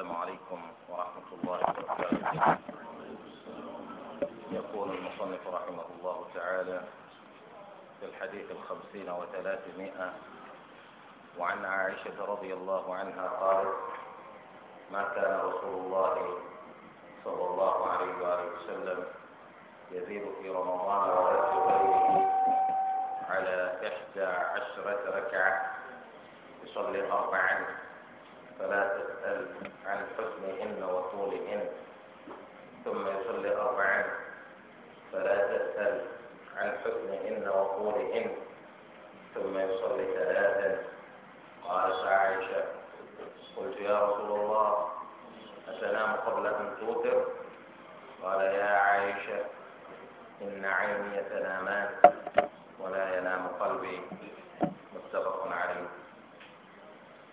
السلام عليكم ورحمة الله وبركاته يقول المصنف رحمه الله تعالى في الحديث الخمسين وثلاثمائة وعن عائشة رضي الله عنها قالت ما كان رسول الله صلى الله عليه وآله وسلم يزيد في رمضان ولا على إحدى عشرة ركعة يصلي أربعا فلا تسأل عن حسنهن وطولهن ثم يصلي أربعا فلا تسأل عن حسنهن وطولهن ثم يصلي ثلاثا قالت عائشة قلت يا رسول الله أتنام قبل أن توتر قال يا عائشة إن عيني تنامان ولا ينام قلبي متفق عليه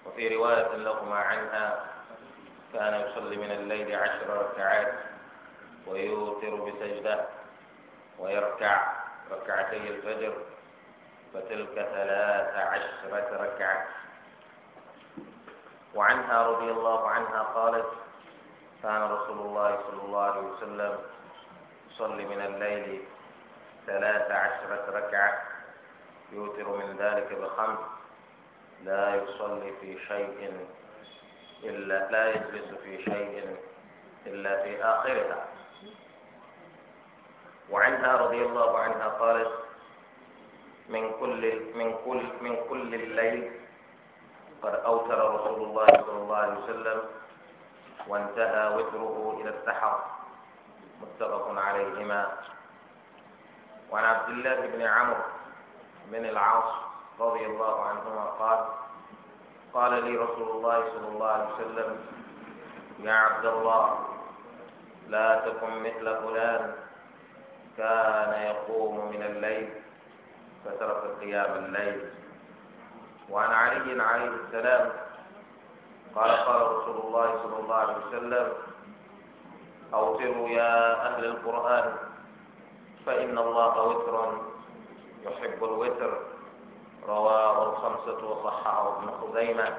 وفي رواية لهما عنها كان يصلي من الليل عشر ركعات ويوتر بسجدة ويركع ركعتي الفجر فتلك ثلاث عشرة ركعة وعنها رضي الله عنها قالت كان رسول الله صلى الله عليه وسلم يصلي من الليل ثلاث عشرة ركعة يوتر من ذلك بخمس لا يصلي في شيء إلا لا يجلس في شيء إلا في آخرها وعنها رضي الله عنها قالت من كل من كل من كل الليل قد أوتر رسول الله صلى الله عليه وسلم وانتهى وتره إلى السحر متفق عليهما وعن عبد الله بن عمرو بن العاص رضي الله عنهما قال قال لي رسول الله صلى الله عليه وسلم يا عبد الله لا تكن مثل فلان كان يقوم من الليل فترك قيام الليل وعن علي عليه السلام قال قال رسول الله صلى الله عليه وسلم أوتروا يا أهل القرآن فإن الله وتر يحب الوتر رواه الخمسة وصححه ابن خزيمة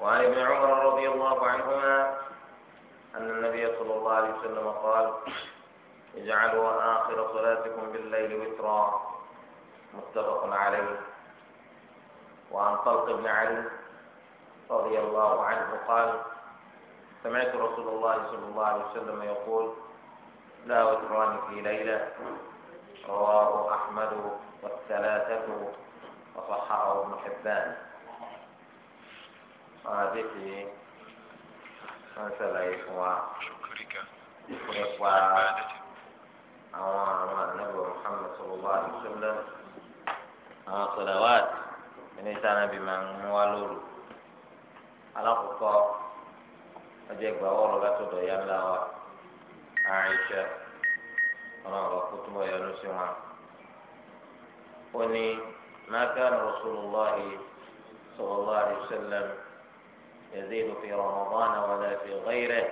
وعن ابن عمر رضي الله عنهما أن النبي صلى الله عليه وسلم قال اجعلوا آخر صلاتكم بالليل وترا متفق عليه وعن طلق بن علي رضي الله عنه قال سمعت رسول الله صلى الله عليه وسلم يقول لا وتران في ليلة رواه أحمد والثلاثة وصححه ابن حبان هذه مسألة إخوة شكرك إخوة أمام النبي محمد صلى الله عليه وسلم صلوات من إنسان بمن موالور على خطاب أجيب بأول لا تضيع عائشة ọlọ́run bá kó túbọ̀ yọ lóṣù wọn. ó ní ما كان رسول الله صلى الله عليه وسلم يزيد في رمضان ولا في غيره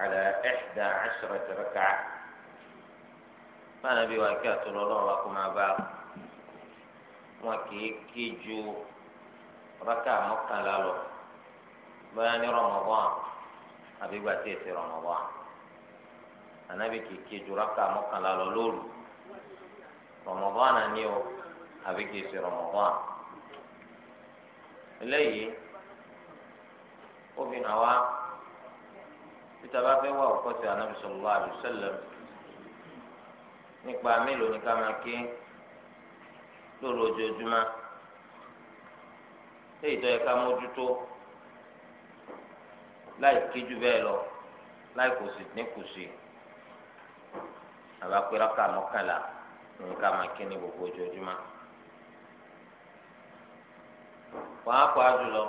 على إحدى عشرة ركعة فأنا بواكات الله لكم أبا وكي كيجو ركعة مقتلة له بيان رمضان أبي باتيت رمضان anabi kìkì juraka mọ́kànlá lọ lóru rọmọbọ́n ni o àbí kìí ṣe rọmọbọ́n eléyìí obìnrin àwa títa bá fẹ́ wá òkọ́sí anabi sallallahu alaihi wasallam nípa mélòó ni ká máa ké lóru ojoojúmọ́ léyìí tó yẹ ká mójútó láì kéjú bẹ́ẹ̀ lọ láì kò sì dínkù sí àbá pé rákà mọ́kànlá ní ká máa kí ní gbogbo ojoojúmọ́. wàá pa á jùlọ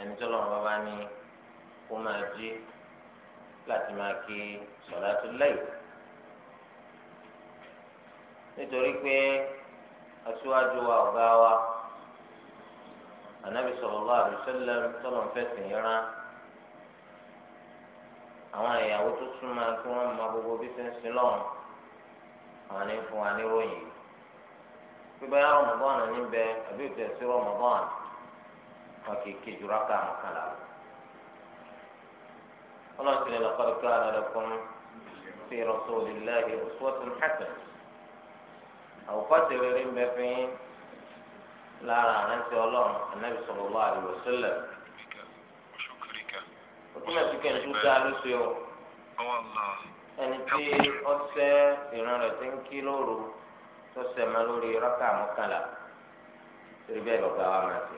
ẹni tó lọ́wọ́ bàbá ní kó máa jí láti máa kí sọ̀láàtú láyl nítorí pé aṣíwájú wa ọ̀gá wa anabi sallallahu alaihi wasallam tọ́lọ̀ ń fẹ̀sìn yín rán àwọn ìyàwó tó súnmọ́ kí wọ́n mọ gbogbo bí ṣe ń àwọn ní fún wa ní ròyìn pípẹ́ yà rọmọdán ní bẹ àbí òtẹ̀ sí rọmọdán wọn kì í ké jura ká mọ́kànlá lọ. ọlọ́run ti lè lọ́kọ́ ká ara rẹ̀ fún fi rasulillahi uswatun hasanah. àwòkọ́sẹ̀ rere ń bẹ fún yín lára àrántí ọlọ́run anábì sallallahu alaihi wasallam. ó túmọ̀ sí kẹ́ńtù dá lóṣù yọ. ẹni tí ọsẹ ìran rẹ̀ ti ń kí lóru tọsẹ ma lórí rákà mọ́kànlá torí bẹ́ẹ̀ lọgá wa máa ṣe.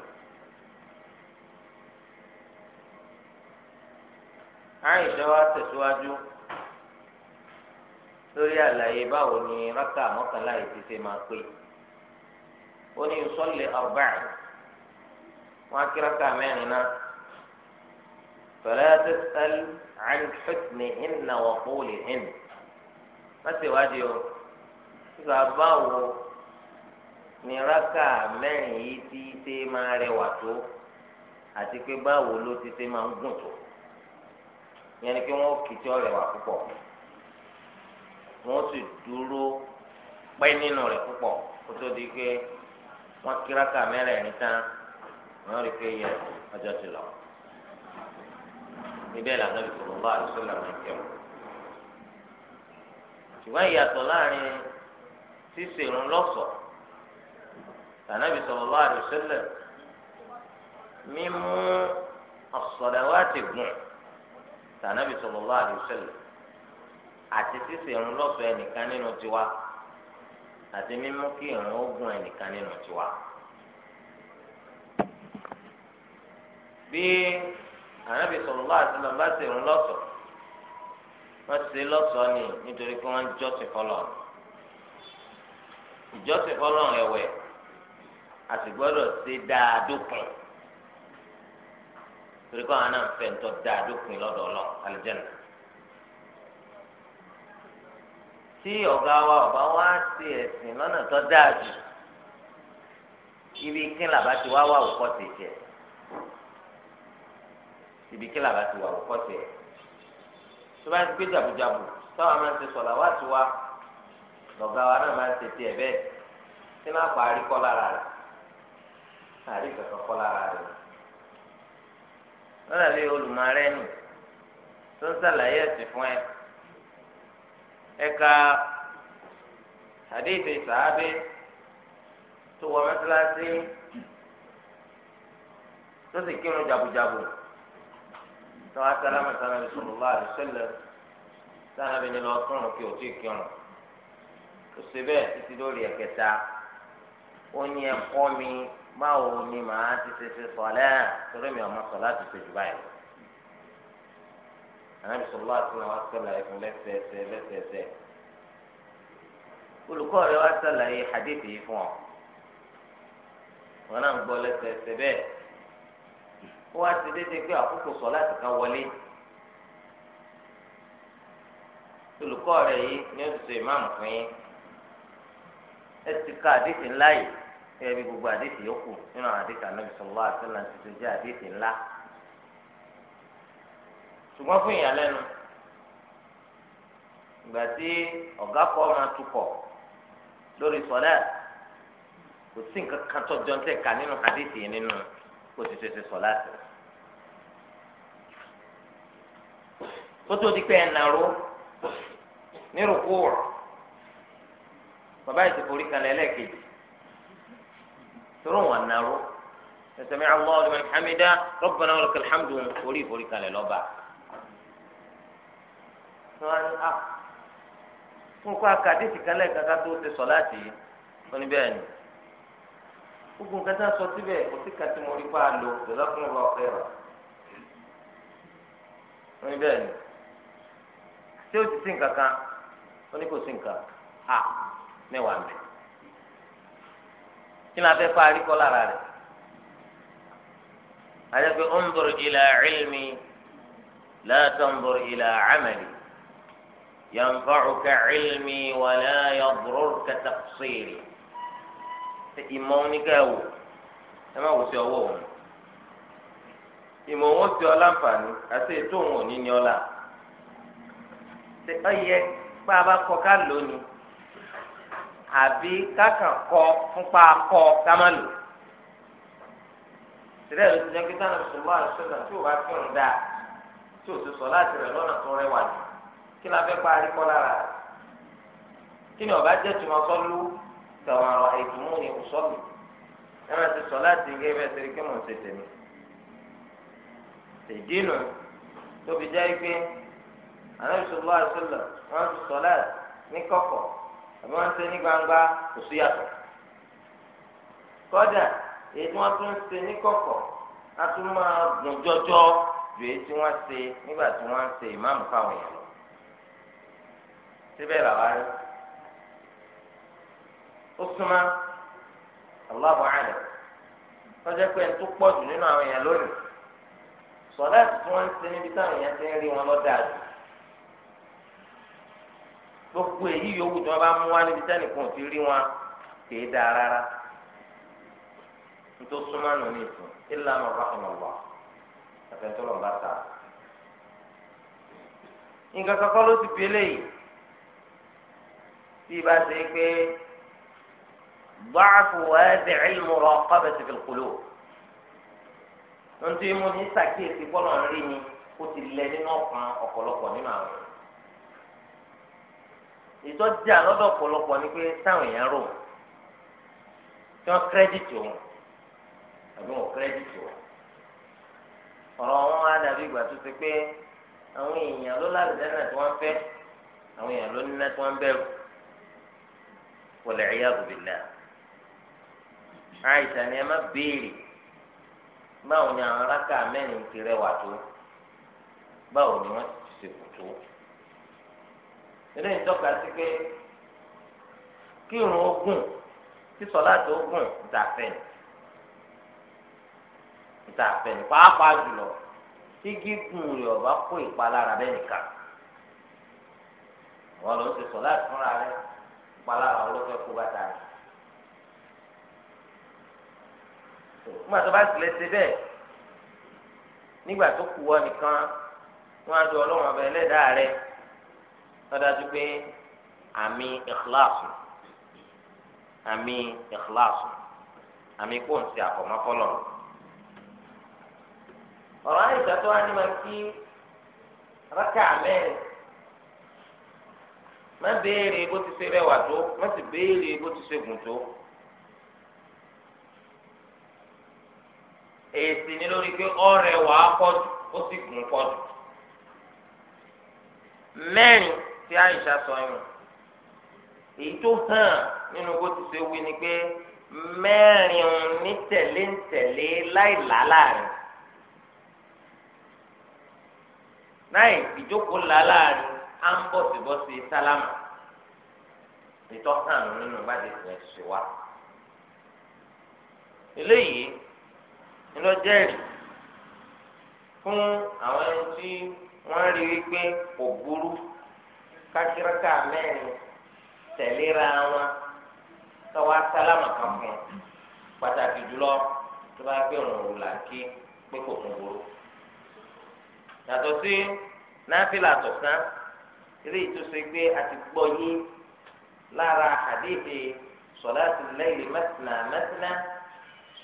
àìṣe wa tẹ̀síwájú lórí àlàyé báwo ni rákà mọ́kànlá yìí ti ṣe máa pé ó ní sọ́ọ̀lì arba'a wọn á kí rákà mẹ́rin náà fẹ̀rẹ́ tẹ́sítẹ́lì. عن حسنهن وطولهن ما سواجه سباو ni raka mẹ́rin yìí ti ṣe máa rẹwà tó àti pé báwo ló ti ṣe máa gùn tó yẹn pé wọ́n kìtì ọ̀rẹ́wà púpọ̀ wọ́n sì dúró pẹ́ nínú rẹ̀ púpọ̀ kó tó di pé wọ́n kí raka mẹ́rin tán wọ́n rí pé yẹ ọjọ́ ti lọ. níbẹ̀ lànà bí sọlọ́lá àdúgbò làwọn ìkẹwọ́. ṣùgbọ́n ìyàtọ̀ láàrin ṣíṣe ìrun lọ́sọ̀ lànà bí sọlọ́lá àdúgbò lẹ̀ mímú as-salawati gùn lànà bí sọlọ́lá àdúgbò lẹ̀ àti ṣíṣe ìrun lọ́sọ̀ ẹnìkan nínú tiwa àti mímú kí ìrun ó ẹnìkan nínú tiwa. bí ànábì sọ̀rọ̀ bá àtúnlọ bá sì rún lọ́sọ̀ wọ́n ṣe lọ́sọ̀ ni nítorí pé wọ́n ń jọ́sìn fọlọ́ ìjọ́sìn fọlọ́ ẹ̀wẹ̀ àti gbọ́dọ̀ ṣe dáadókun torí pé àwọn náà ń fẹ́ ń tọ́ dáadókun lọ́dọ̀ ọlọ́run alìjẹ́nà. tí ọ̀gá wa ọ̀bá wa ṣe ẹ̀sìn lọ́nà tó dáa jù ibi kí làbá ti wá wà òkọ́ ti jẹ́ ibi kí làbá ti wà wò kọ́sì ẹ̀ tó bá ń gbé jàbùjàbù táwọn máa ń ṣe sọ̀lá wá tiwa lọ́gá wa náà máa ń ṣe tiẹ̀ bẹ́ẹ̀ tí máa pa àríkọ́ lára rẹ̀ àríkọ́ kọ́ lára rẹ̀ lọ́dà bí olùmọ̀ọ́rẹ́ nù tó ń sàlàyé ẹ̀sìn fún ẹ ẹ̀ka àdéhìí sàábé tó wọ mẹ́tíláṣí tó sì kírun jàbùjàbù tí wọn sálámà sálámà sallallahu alaihi wasallam sálámà ni lọ kírun kí o tí kírun o ṣe bẹ́ẹ̀ títí lórí ẹ̀kẹta ó ní ẹ̀kọ́ mi báwo ni màá ti ṣe ṣe sọlẹ torí mi ọmọ sọ láti ṣe jù báyìí anabi sallallahu alaihi wasallam sọlá ẹfun lẹ́sẹẹsẹ lẹ́sẹẹsẹ olùkọ́ rẹ̀ wá sàlàyé hadithi yìí fún ọ wọ́n ti dédé pé àkókò sọ láti ká wọlé olùkọ́ rẹ̀ yìí ni ó ti fún yín ẹ ti ka ńlá yìí gbogbo àdéhìí yòókù nínú àwọn àdéhìí ànábì sọlọ àtúnlá ti tó nla àdéhìí ńlá ṣùgbọ́n fún ìyàlẹ́nu ìgbà tí ọ̀gá kọ́ máa tukọ̀ lórí kò sí nǹkan kan kó ti ṣe ṣe sọ láti. kótó di pé ẹnàró nírúkú rọ bàbá yìí ti forí kalẹ̀ ẹlẹ́ẹ̀kejì tóró wọn nàró ẹsẹ̀mi àwọn ọ̀dùnmọ̀ ìhàmídá rọ́bìnrin àwọn ọ̀lọ́kẹ́ alḥamdu orí kalẹ̀ lọ́ba. wọ́n akadé ah, ti kalẹ̀ kaka ti sọ láti yìí wọ́n ní bẹ́ẹ̀ ni gbogbo nǹkan tá a sọ síbẹ̀ kò sí kàtí mo rí bá a lò lọ́dọ̀ fún mi bá ọ̀fẹ́ rà. wọ́n ní bẹ́ẹ̀ ni ṣé o ti sí nǹkan kan ó ní kò sí nǹkan a mẹ́wàá mi. kí ni a fẹ́ parí kọ́ lára rẹ̀? àyẹ̀fẹ́ unzur ila ilmi la tanzur ila amali yanfa'uka ilmi wa la yadurruka taqsiri ìmọ̀ oníkẹ́wò ẹ má wò sí ọwọ́ òun ìmọ̀ òun ó ti ọ láǹfààní àti ètò òun ò ní ní ọlá ṣe ọ yẹ pé a bá kọ ká lónìí àbí kákan kọ fúnpa kọ ká má lò sílẹ̀ ló ti jẹ́ kí táwọn ìṣòwò àṣọ̀nà tí ò bá fi hàn dáa tí ò ti sọ láti rẹ̀ lọ́nà tó rẹwà jù kí la fẹ́ parí kọ́ lára kí ni ọba jẹ́ tùmọ̀ sọ́lú. sọ̀rọ̀ àwọn ìdùnnú ni òsọ́lù ẹ máa ti sọ láti gé bẹ́ẹ̀ torí kí mò ń ṣe tèmi. èdè tóbi jẹ́ pé anábìsọ̀lá àṣọlọ wọ́n ti sọ láti ní kọ̀kọ̀ àbí wọ́n ṣe ní gbangba kò yàtọ̀. kọ́dà èyí tí ó súnmọ́ allah buhari tọ́jà pé ẹni tó pọ̀ jù nínú àwọn èèyàn lónìí sọ̀dá tí wọ́n ṣe níbi táwọn èèyàn ti ń rí wọn lọ́dà jù gbogbo èyí yòówù tí wọ́n bá mú wá níbi ti rí wọn kì í dáa rárá nítorí súnmọ́ nù ní ìsìn ìlànà ta ضعف واسع المراقبة في القلوب nítorí mo ní sàkíyèsí bọ́lá ń rí ni ó ti lẹ nínú ọkàn ọ̀pọ̀lọpọ̀ nínú àwọn ìtọ́jú àlọ́dọ̀ ọ̀pọ̀lọpọ̀ ni pé táwọn èèyàn rò tí wọ́n kírẹ́dìtì òun àbí wọn kírẹ́dìtì òun ọ̀rọ̀ wọn á dàbí ìgbà tó ṣe pé àwọn èèyàn ló lálẹ́ náà tí wọ́n fẹ́ àwọn èèyàn ló ní náà tí wọ́n bẹ̀rù wal iyadu billah. àìsàn ni ẹ má béèrè báwo ni àwọn aráka mẹ́rin ti rẹwà tó báwo ni wọ́n ti ṣèkù tó eléyìí tọ́ka sí pé kí irun ogun kí sọláàtì ogun ìtàfẹ́ ìtàfẹ́ pàápàá jùlọ tí gígùn rẹ̀ ọ̀bá kó ìpalára bẹ́ẹ̀ nìkan wọ́n lọ sí sọláàtì fúnra rẹ̀ ìpalára olókè kó bàtà rẹ̀. nígbà tó bá tilẹ̀ ṣe bẹ́ẹ̀ nígbà tó kù wọ nìkan wọn á do ọlọ́run ọba ẹlẹ́dàá rẹ lọ́dájú pé àmì ìkìláàsù àmì ìkìláàsù àmì kò ń ṣe àfọ̀mọ́fọ́lọ́ ọ̀rọ̀ àyíká tó wá ní ma kí rákà mẹ́rin má béèrè bó ti ṣe rẹwà tó má sì béèrè bó ti ṣe gùn tó. èsì ni lórí pé ọ̀rẹ́ wà á pọ̀jù ó sì gùn pọ̀jù. mẹ́rin tí àyíṣà sọ yìí èyí tó hàn nínú bó ti ṣe wí ni pé mẹ́rin ní tẹ̀lé ń tẹ̀lé láìlá láàrin. láì ìjókòó là láàrin á ń bọ̀sibọ́sì sálámà ìtọ́sàn nínú bá ti sùn ẹ̀ ṣe wá. eléyìí ńlọ jẹ́rìí fún àwọn ẹni tí wọ́n rí wípé kò burú kásíráká mẹ́rin tẹ̀léra wọn káwá sálámà kan fún un pàtàkì jùlọ tó bá gbé òun òun là ń ké pé kò tún burú. yàtọ̀ sí náfìlà tọ̀sán eré ìtòsí gbé àti gbọ́ yé lára àdéhìí sọ̀láàtì láìlì mẹ́tìnà mẹ́tìnà.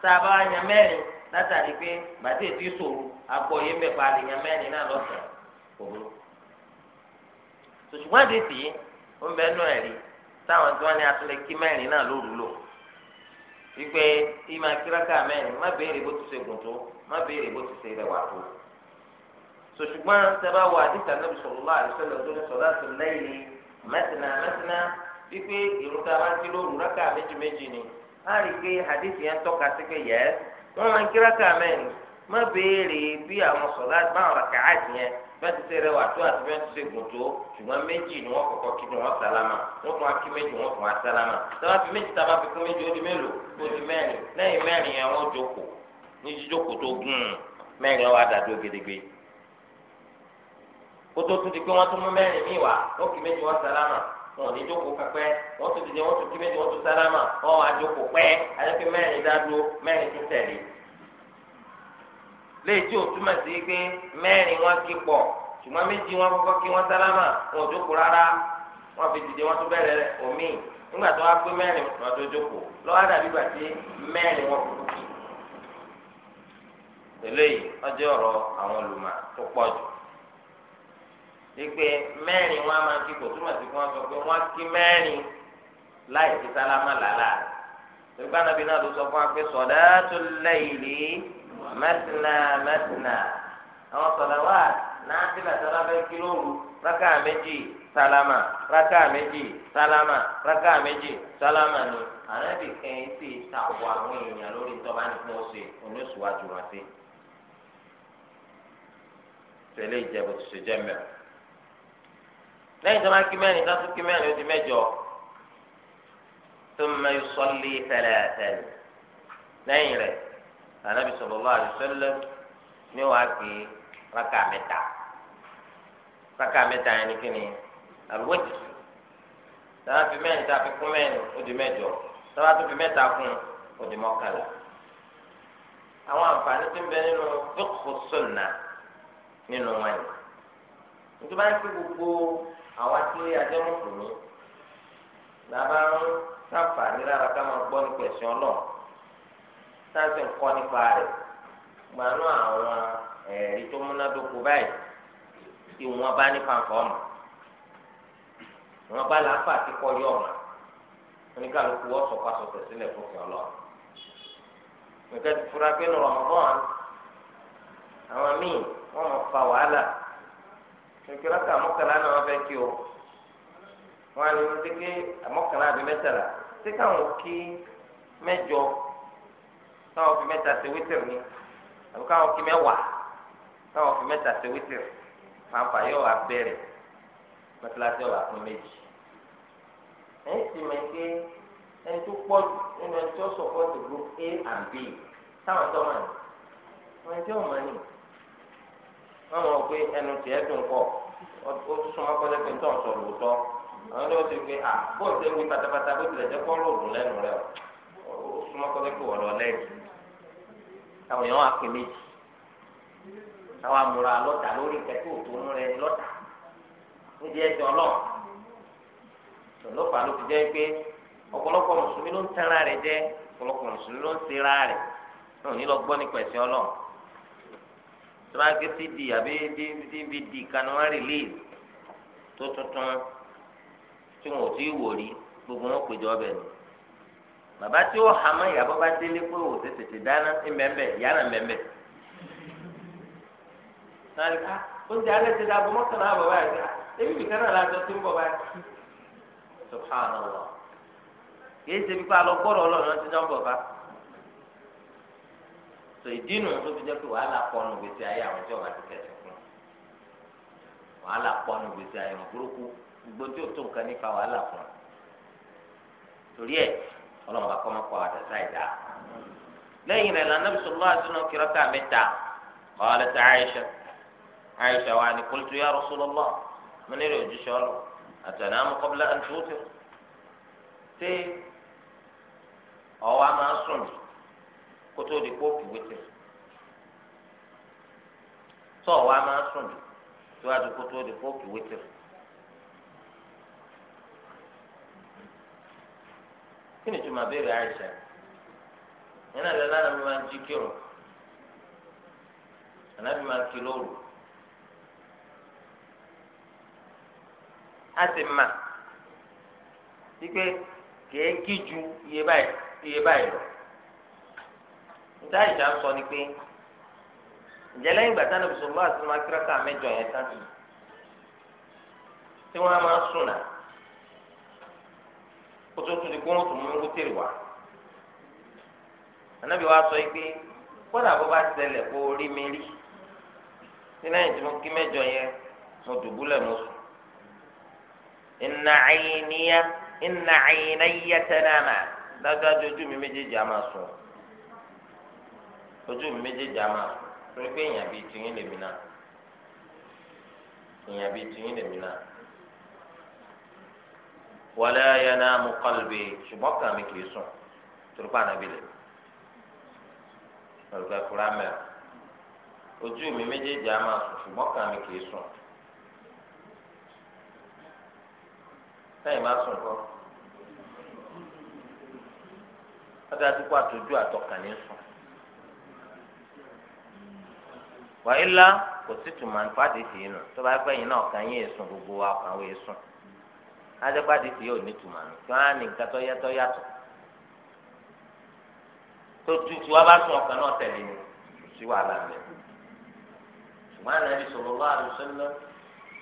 tá a bá yan mẹ́rin látàrí pé bàtí ètò ìṣòro àpò yìí bẹ̀ pa àlè yan mẹ́rin náà lọ́sàn-án òru. ṣùgbọ́n àdìsí ó ń bẹ́ẹ̀ nù ẹ̀rí táwọn tí wọ́n ní atúlẹ̀ kí mẹ́rin náà lóru lò wípé ìmọ̀ kíráka mẹ́rin má béèrè bó ti ṣe gùn tó má béèrè bó ti ṣe rẹwà tó. wọ tó á rí i pé hadithi yẹn tọ́ka sí pé yẹ wọ́n máa ń kíráka mẹ́rin má béèrè bí àwọn sọ̀lá báwọn ràkàáàtì yẹn bẹ́ẹ̀ ti ṣe rẹ tó àti bẹ́ẹ̀ ti ṣe gùn tó ṣùgbọ́n méjì ni wọ́n kọ́kọ́ kí ni wọ́n sálámà wọ́n kí méjì wọ́n sálámà fi méjì sábà fi kún méjì ó di mélòó ó di mẹ́rin lẹ́yìn mẹ́rin yẹn wọ́n jókòó ní jíjókòó tó gùn mẹ́rin dàdó gedegbe kótó wọn ò ní jókòó pẹpẹ wọn tún dìde wọn tún kí méjì wọn tún sálámà wọn wà jókòó pẹ mẹ́rin dádúró mẹ́rin tún tẹ̀lé léyìí tí o sí pé mẹ́rin wọn kí pọ̀ ṣùgbọ́n méjì wọn kọ́kọ́ kí wọ́n sálámà wọn ò jókòó rárá wọn fi dìde wọn tún bẹ̀rẹ̀ omi nígbà tó wá pé mẹ́rin wọn tó ìpè mẹ́rin wọn a máa kí kò túmọ̀ sí kí wọ́n sọ pé wọ́n kí mẹ́rin láì fi sálámà làlá ìgbà nàbí náà ló sọ fún wa pé salatul layli matna matna àwọn sọ̀dáwà náà ti bàtà lábẹ́ kí lóru rákà méjì sálámà rákà méjì sálámà rákà méjì sálámà ni ànábì kẹ́hìn sì takò àwọn èèyàn lórí ìjọba nìkan ọ̀sẹ̀ oníṣòwò àjùmọ̀ sí. tẹ̀lé ìjẹ́bù tó ṣe jẹ́ mẹ́rin. lẹ́yìn tó máa kí mẹ́rin tó tún kí mẹ́rin ó di mẹ́jọ thumma yusalli thalathan lẹ́yìn rẹ̀ Ànábì ni wàá gbé rákà mẹ́ta rákà mẹ́ta yẹn ni kí ni àlùwẹ̀tì fi mẹ́rin tàbá fi kún mẹ́rin ó di mẹ́jọ tó fi mẹ́ta kún ó di mọ́kànlá àwọn àǹfààní tó ń bẹ nínú fiqhu sunnah nínú wọn yìí nítorí wọn ti gbogbo. àwọn tí ajẹ́ mùsùlùmí la bá ń sàǹfààní lára ká máa gbọ́ nípa ẹ̀sìn ọlọ́run sáǹsì ń kọ́ nípa rẹ̀ gbanú àwọn ẹ̀rí tó múnádóko báyìí tí wọ́n bá ní fanfọ́ ọ̀mà wọ́n bá làáfà tí kọ́ yọ̀ ọ̀mà oníkàlùkù wọ́n sọ̀kọ́sọ̀tẹ̀ sílẹ̀ fún ìfẹ́ ọlọ́run nǹkan ti fura pé ní Ramadan àwọn míì wọ́n mọ̀ fa wàhálà ìkìlá kà mọ́kànlá náà wọ́n fẹ́ kí o wọ́n á ní wọ́n ti ké mọ́kànlá àbí mẹ́tàlá ṣé káwọn kí mẹ́jọ káwọn fi mẹ́ta ṣe wítìrì ni àbí káwọn kí mẹ́wàá káwọn fi mẹ́ta ṣe wítìrì fanfa yóò wá bẹ̀rẹ̀ mẹ́tíláṣẹ́ wà fún méjì ẹ̀yìn sì mọ̀ pé ẹni tó pọ̀ jù nínú ẹni tó sọ̀pọ̀ tó group A and B táwọn tó mọ̀ ní wọ́n ti ò mọ̀ ní wọn mọ pé ẹnu tiẹ̀ dùn kọ ó súnmọ́ kọjá pé tó ń sọ lóòótọ́ àwọn ọdún ti pé à bóun ṣe wí pátápátá bó tilẹ̀ jẹ́ kọ́ lóògùn lẹ́nu rẹ ó súnmọ́ kọjá pé wọ́n lọ lẹ́yìn àwọn èèyàn wà pé méjì àwọn amúra lọ́tà lórí kẹ́kẹ́ òtún rẹ lọ́tà níbi ẹsẹ̀ ọlọ́ọ̀ lọ́pàá ló fi jẹ́ pé ọ̀pọ̀lọpọ̀ mùsùlùmí ló ń tẹ́ra rẹ̀ jẹ́ ọ̀pọ̀lọpọ̀ mùsùlùmí ló ń ṣera rẹ̀ náà ní gbọ́ nípa ẹ̀sìn ọlọ́ọ̀ tó bá ké cd àbí dvd kanu wọn release tó tuntun tí wọn ò tí ì wò rí gbogbo wọn pèjọ ọbẹ̀ ni bàbá tí ó hàmọ́ ìyàbọ̀ bá délé pé òun tètè ti dáná ẹ̀mẹ̀mẹ̀ yàrá mẹ̀mẹ̀ nàlùkà oúnjẹ alẹ́ ti dàbọ̀ mọ́kànlá àbọ̀ báyìí ah, ebi bìkan náà lájọ tí ń bọ̀ báyìí subhanallah kì í ṣe bí pa lọ gbọ́dọ̀ ọlọ́run ti dán bọ̀ báyìí sọ ìdí nu tó fi jẹ́ pé wàhálà pọnù gbèsè ayé àwọn tí ọba ti fẹ̀sìn fún wàhálà pọnù gbèsè ayé wọn burúkú gbogbo tí o tó nǹkan nípa wàhálà fún un torí ẹ ọlọ́run bá kọ́ máa kọ́ àdàtà ìdá lẹ́yìn rẹ̀ lànà bisalòlá àdúrà kìrọ́kà mẹ́ta ọ̀hálà tà àyíṣà àyíṣà wà ní kólítù yà rọ́sọ́lọ́lọ́ mo nílò ojúṣe ọlọ́ àtàná amúkọ́bílá kótó di kó fi wétí tó ọ̀wá máa sùn jù síwájú kótó di kó fi wétí. kí ni túmọ̀ béèrè àìsà yẹn náà lọ́la mi máa ń jí kírun ànábì máa ń kí lóru a sì mà ju iye báyìí níta ìjà sọ ni pé ǹjẹ́ lẹ́yìn ìgbà táwọn ìbùsùn bá àti máa kíráka yẹn tán tí wọ́n á máa sùn náà kó tó tún di kó wọ́n tún mú wútìrì wá ànábì wa sọ pé kódà bó bá ṣẹlẹ̀ kó rí mi rí tí lẹ́yìn tí mo kí mẹ́jọ yẹn mo mo sùn ìnà ìnà ojú ojú mi méjèèjì á máa torí pé èèyàn bíi tiyín lèmi náà èèyàn bíi tiyín lèmi náà wala yanamu qalbi ṣùgbọ́n kàn mí kìí sùn torí pé ànábì lèmi olùkọ́ ẹ̀kúrá mẹ́rin ojú mi méjèèjì á máa sùn ṣùgbọ́n kàn mí kìí sùn sẹ́yìn máa sùn kọ́ ọjà tí kò àtọ́jú àtọkàn sùn. wàhálà kò sí tùmọ̀ nípa àdìsí yìí nù tó bá pẹ́ yìí náà kàn yín èsùn gbogbo wa kàn wọ́n èsùn adẹ́pẹ́ àdìsí yìí ò ní tùmọ̀ nù kí wọ́n á ní nǹkan tó yẹ tó yàtọ̀ tó tutù wa bá sùn ọkàn náà tẹ̀lé ni sí wàhálà mi ṣùgbọ́n àná ẹni sọ̀rọ̀ wá àdùsọ lọ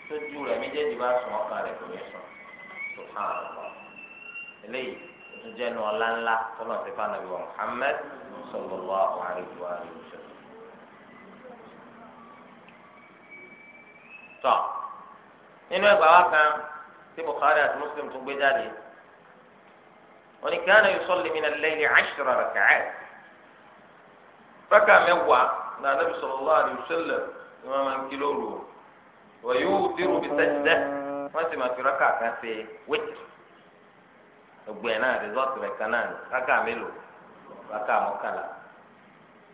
tó ju rẹ̀ méjèèjì bá sùn ọkàn rẹ̀ kò ní sùn tó hàn án eléyìí tó jẹ́ nu ńlá tó náà ti fà tọ nínú ẹgbàá wa kan tí Bukhari àti Muslim tó gbé jáde wọn ni kana yusalli min al-layli ashra rak'at rákà mẹ́wàá náà Nabi sallallahu alaihi wasallam ni wọn máa ń kí lóru wa yutiru bi sajdah wọn sì máa fi rákà kan ṣe wítìrì ọgbẹ náà rìsọ́ọ̀tì rẹ̀ kan náà rákà mélòó rákà mọ́kànlá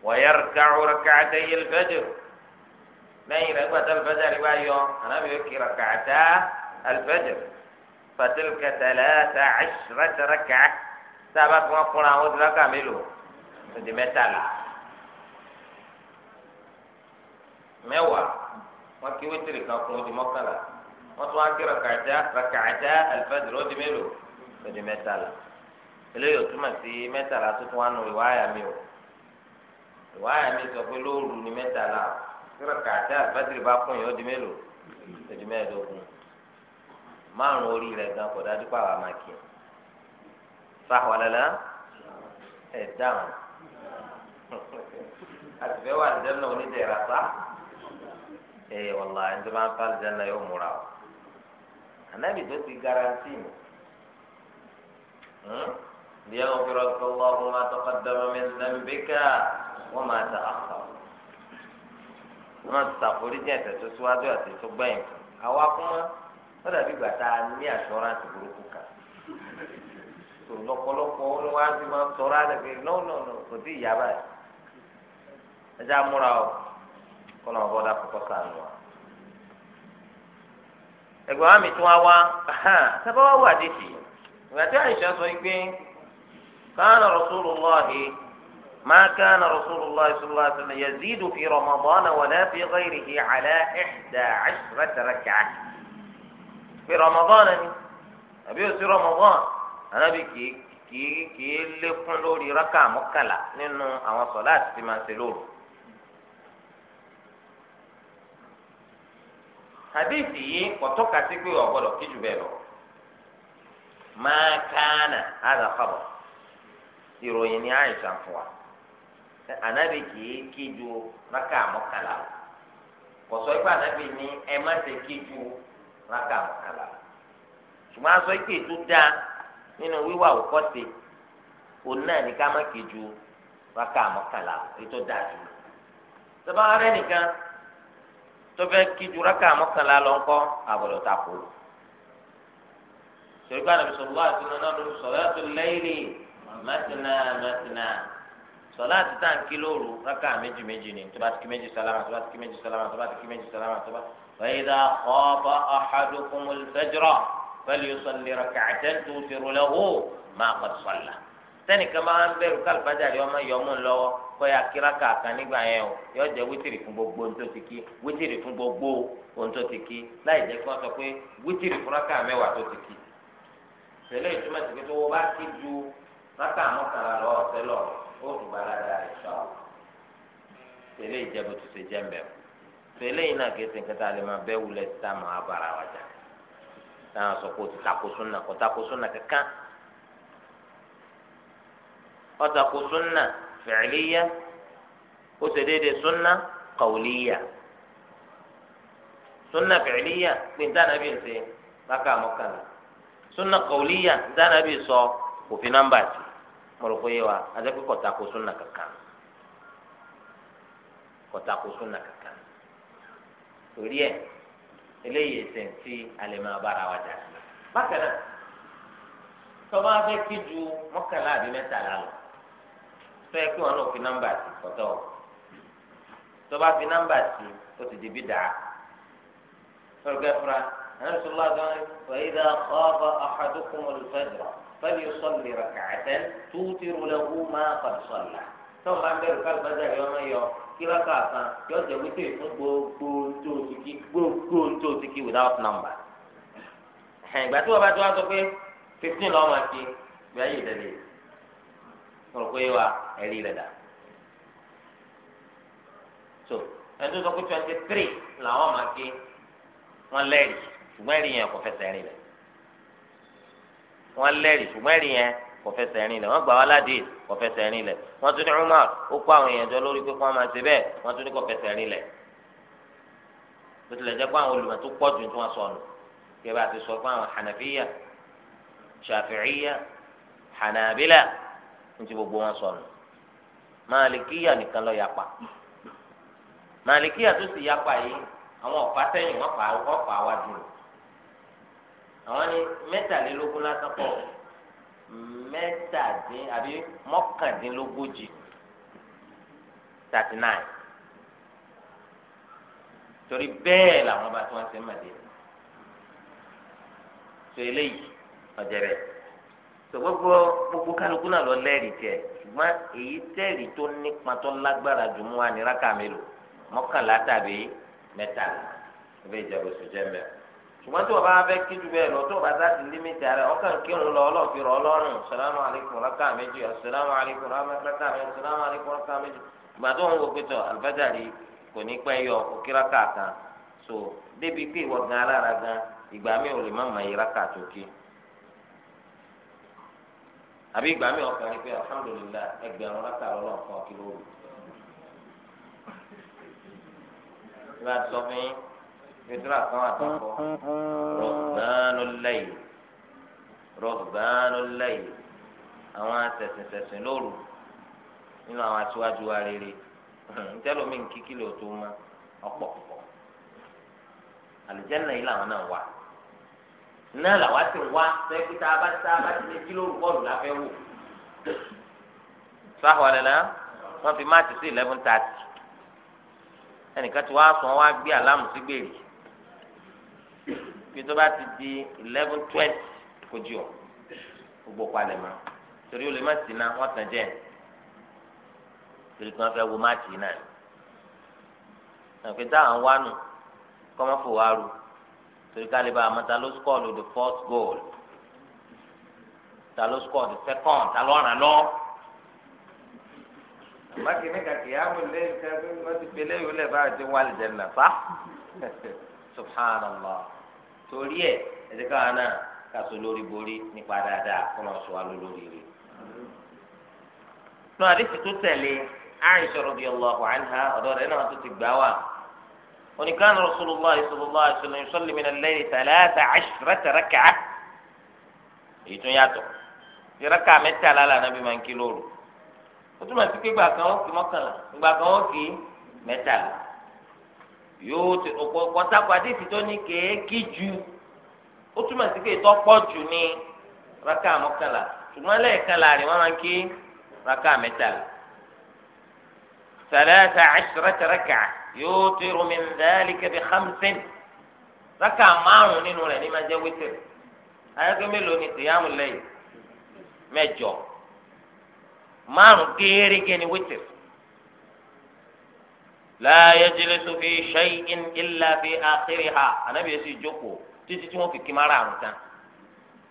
wa yarka'u rak'atay al-fajr. lẹ́yìn rẹ̀ gbàtà alifajari bá yọ anabi yóò kí rakata alifajari fatilka talata ashrata raka sábà tí wọ́n kúnra àwọn òdìraka mélòó òdì mẹ́tàlá mẹ́wàá wọ́n kí wítìrì kan kún òdì mọ́kànlá wọ́n tún wá kí rakata rakata alifajari òdì mélòó òdì mẹ́tàlá eléyìí ò túmọ̀ sí mẹ́tàlá tuntun wa nù ìwáyà mi o ìwáyà mi sọ pé lóòrù ni mẹ́tàlá o. kíra kàtà àfẹ́tìrì bá kún yìí ó di mélòó ó di mẹ́ẹ̀ẹ́dógún márùn orí rẹ̀ gan kò dájú pàwọ́ àmàkì sáwàlálà ẹ̀ dáhùn àtìfẹ́ wà ní jẹ́nu onídẹ̀ẹ́ra sá ẹ̀ wàlá ẹni tó bá ń fà lìjẹ́nu yóò múra o ànábì tó ti garanti mi hmm? liyagfiraka Allahu ma taqaddama min dhanbika wa ma ta'akhkhara. wọn ti ṣàforíjì ẹ̀ṣẹ̀ tó síwájú àti tó awa àwa fún wọn wọn dàbí ìgbà ní àṣọrántì burúkú kan tó lọ́pọ̀lọpọ̀ ó wá sí máa ń pé no no no kò báyìí ẹjẹ amúra o bọ́dà kọ́kọ́ sànù wa. ẹgbẹ́ wa mi tún wá wá sábà wá wà dé sí ìgbà tí ما كان رسول الله صلى الله عليه وسلم يزيد في رمضان ولا في غيره على إحدى عشرة ركعة في رمضان يعني. أبي في رمضان أنا بكي كي كي اللي قلوا لي ركعة مكلا لأنه أما صلاة فيما سلول حديثي وتوقع تقوي وقلوا كي جبالو ما كان هذا خبر يروي عائشة فوق anabi kìí kí ju rákà mọ́kànlá kọ̀sọ́ ipá anabi ní ẹ má ṣe kí ju rákà mọ́kànlá ṣùgbọ́n aṣọ tó dáa nínú wíwà òkọ́ṣe òun náà ní má kí ju rákà ètò dáa jù lọ. nìkan tó fẹ́ kí ju rákà mọ́kànlá lọ ńkọ́ àbọ̀dọ̀ ta kò ṣèlú gbàdúrà sọ̀rọ̀ àti nínú sọ̀rọ̀ àti lẹ́yìn mẹ́tìnà mẹ́tìnà sọlá ti tá à ń kí lóru rákà méjì méjì ni tó bá ti kí méjì sálámà tó bá ti kí méjì sálámà tó bá ti kí méjì sálámà tó bá fẹ́yìdá ọba ahadukumul fajra falyusalli rak'atan tutiru lahu ma qad salla. sẹ́nìkan máa ń bẹ̀rù kálífàjà rí ọmọ yọmú lọ́wọ́ kọ́ ya kí rákà kan nígbà yẹn o yóò jẹ́ wítìrì fún gbogbo ohun tó ti kí wítìrì fún gbogbo ohun ti kí láì jẹ́ kí wọ́n sọ pé wítìrì fún rákà mẹ́wàá tó ti kí. tẹ̀lé ìtumọ̀ sí pé tó wọ́n bá kí ju rákà mọ́kànlá lọ́wọ́ tẹ́lọ̀ ó tún gba aládàá rẹ̀ sọ ọ́ tẹ̀lé ìjẹ́bù tó ṣe jẹ́ mbẹ́ tẹ̀lé yìí náà kéésì nǹkan tá a lè máa bẹ́ wulẹ̀ tá a máa bára wa jà náà sọ pé o ti tako súnà kò tako súnà kankan ó tako súnà fi'liya ó ṣe déédéé súnà qawliya súnà pé níta nàbí ń ṣe bákà mọ́kànlá súnà qawliya níta nàbí sọ kò fi nọ́mbà sí mọlọpọ yẹ wa adakpe kọtako sunna kankan kọtako sunna kankan torí ẹ eléyìí ẹsẹ ti alẹ máa bára wa dà bákan náà tọba afẹ kí ju mọ́kànlá àbí mẹ́tàlá lọ tọ yẹ kí wọn náà fi nọ́mbà sí kọtọ tọba fi nọ́mbà sí o ti di bí dàá tọrọ kẹfura ẹnìtúlá gan wa idha khaba ahadukumul fajra. فليصلي ركعة توتر له ما قد صلى ثم bá ń bẹ̀rù ká lùbáṣà yọ ọmọ yọ kíláka kan yọ jẹ́ wípé without number. ìgbà tí wọ́n توكي ti wá sọ pé fifteen lọ́wọ́ máa ti bí ayé ìdẹ́lẹ̀ rò pé wa so ẹni tó sọ twenty three làwọn máa ti wọ́n lẹ́rìí ṣùgbọ́n ẹ̀rí yẹn kò fẹsẹ̀ rìn lẹ̀ wọ́n lẹ́rìí ṣùgbọ́n ẹ̀rí yẹn kò fẹsẹ̀ rìn lẹ̀ wọ́n gbà wá ládìí kò fẹsẹ̀ rìn lẹ̀ wọ́n tún ní Umar ó kó àwọn èèyàn jọ lórí pé kó wọ́n máa ṣe bẹ́ẹ̀ wọ́n tún ní kò fẹsẹ̀ rìn lẹ̀ bó tilẹ̀ jẹ́ pé àwọn olùmọ̀ tó pọ̀ jù tí wọ́n sọnù kí ẹ bá ti sọ fún àwọn Hanafiya Shafi'iya Hanabila ní ti gbogbo wọn sọnù Malikiya nìkan ló yapa Malikiya tó sì yapa yìí àwọn ọ̀pá sẹ́yìn wọ́n pa wá dùn àwọn ní mẹ́tàlélógún lásán pọ̀ mẹ́tàdín àbí mọ́kàndínlógójì thirty nine torí bẹ́ẹ̀ làwọn bá tí wọ́n ṣe ń màdé so eléyìí ọ̀jẹ̀rẹ̀ so gbogbo gbogbo kálukú náà lọ lẹ́rìí tiẹ̀ ṣùgbọ́n èyí tẹ́rìí tó nípa tó lágbára jù mú wa ní rákà mélòó mọ́kànlá tàbí mẹ́tàlá ẹgbẹ́ ìjẹ́bù sùn jẹ́ mẹ́rin ṣùgbọ́n tí wọ́n bá fẹ́ kí ju bẹ́ẹ̀ lọ tó bá dá ti límítì rẹ̀ ọkàn kírun lọ ọlọ́ọ̀fi rọ ọlọ́run salamu alaykum raka méjì salamu alaykum raka méjì salamu alaykum raka méjì ìgbà tó ń wo pétọ alifájàre kò ní pẹ́ yọ òkìrá kàkan so débi pé ìwọ gan alára gan ìgbà mi ò lè má ma yẹra kà tó kí àbí ìgbà mi ọkàn ni pé alhamdulilayi ẹgbẹ̀rún nítorí àkàwọn àtọkọ rọgbánú lẹ́yìn rọgbánú lẹ́yìn àwọn asẹsìnsẹsìn lóru nínú àwọn aṣíwájú wa rere ntẹlómi nkíkí lè tó ma ọ̀pọ̀ púpọ̀ àlùjànnà yìí làwọn náà wà náà làwọn ti wá sẹ́kí tá a bá tá a bá ti lè kí lóru bọ́ọ̀lù láfẹ́ wò sáwọn ọ̀lẹ́ náà wọ́n fi máàtì sí eleven thirty ẹnìkan tí wàá sọ wá gbé àlámù gbèrè bí tó bá ti di eleven twenty kò jù ọ gbogbo palẹ̀ mọ́ torí o lè má sí náà wọ́n tàn jẹ́ torí kí wọ́n fẹ́ wo máàtì náà àfi táwọn wá nù kọ́mọ́fò wá rù torí ká lè bá àmọ́ta ló score the first goal ta ló score the second ta ló ràn lọ. àmọ́kì ní kàkì yá mo lé ìtẹ́gbẹ́ wọ́n ti fi eléyìí lẹ̀ bá àti wọ́n alìjẹ́ nà fa subhanallah torí ẹ ẹsẹ káwa náà kàtó lórí borí nípa dáadáa kó lọ sọ wa lórí rẹ. nù àdìsí tó tẹ̀lé Aisha radiyallahu anha ọ̀dọ́ rẹ̀ náà tó ti gbà wá. وإن كان رسول الله صلى الله عليه وسلم يصلي من الليل ثلاث عشرة ركعة ètò yàtọ̀ ìraka mẹ́tàlá la nàbí máa ń kí lóru ó túmọ̀ sí pé gbà kì mọ́kànlá gbà kì mẹ́tàlá yóò ti ọ̀pọ̀ kọ́tàpàdé ti tó ní kéèké ju ó túmọ̀ sí pé ìtọ́ pọ̀ jù ní raka mọ́kànlá ṣùgbọ́n lẹ́ẹ̀kan láàrin wọn máa ń kí raka mẹ́tàlá. ثلاث عشرة ركعة يوتر من ذلك بخمس ركعة márùn nínú rẹ̀ ní máa jẹ́ wítìr ayọ́kẹ́ mélòó ni qiyamul layl mẹ́jọ márùn gẹ́gẹ́ ni wítìr la yajlisu fi shay'in illa fi akhiriha anabi yẹn sì jókòó títí tí wọn fi kímara àrùn tán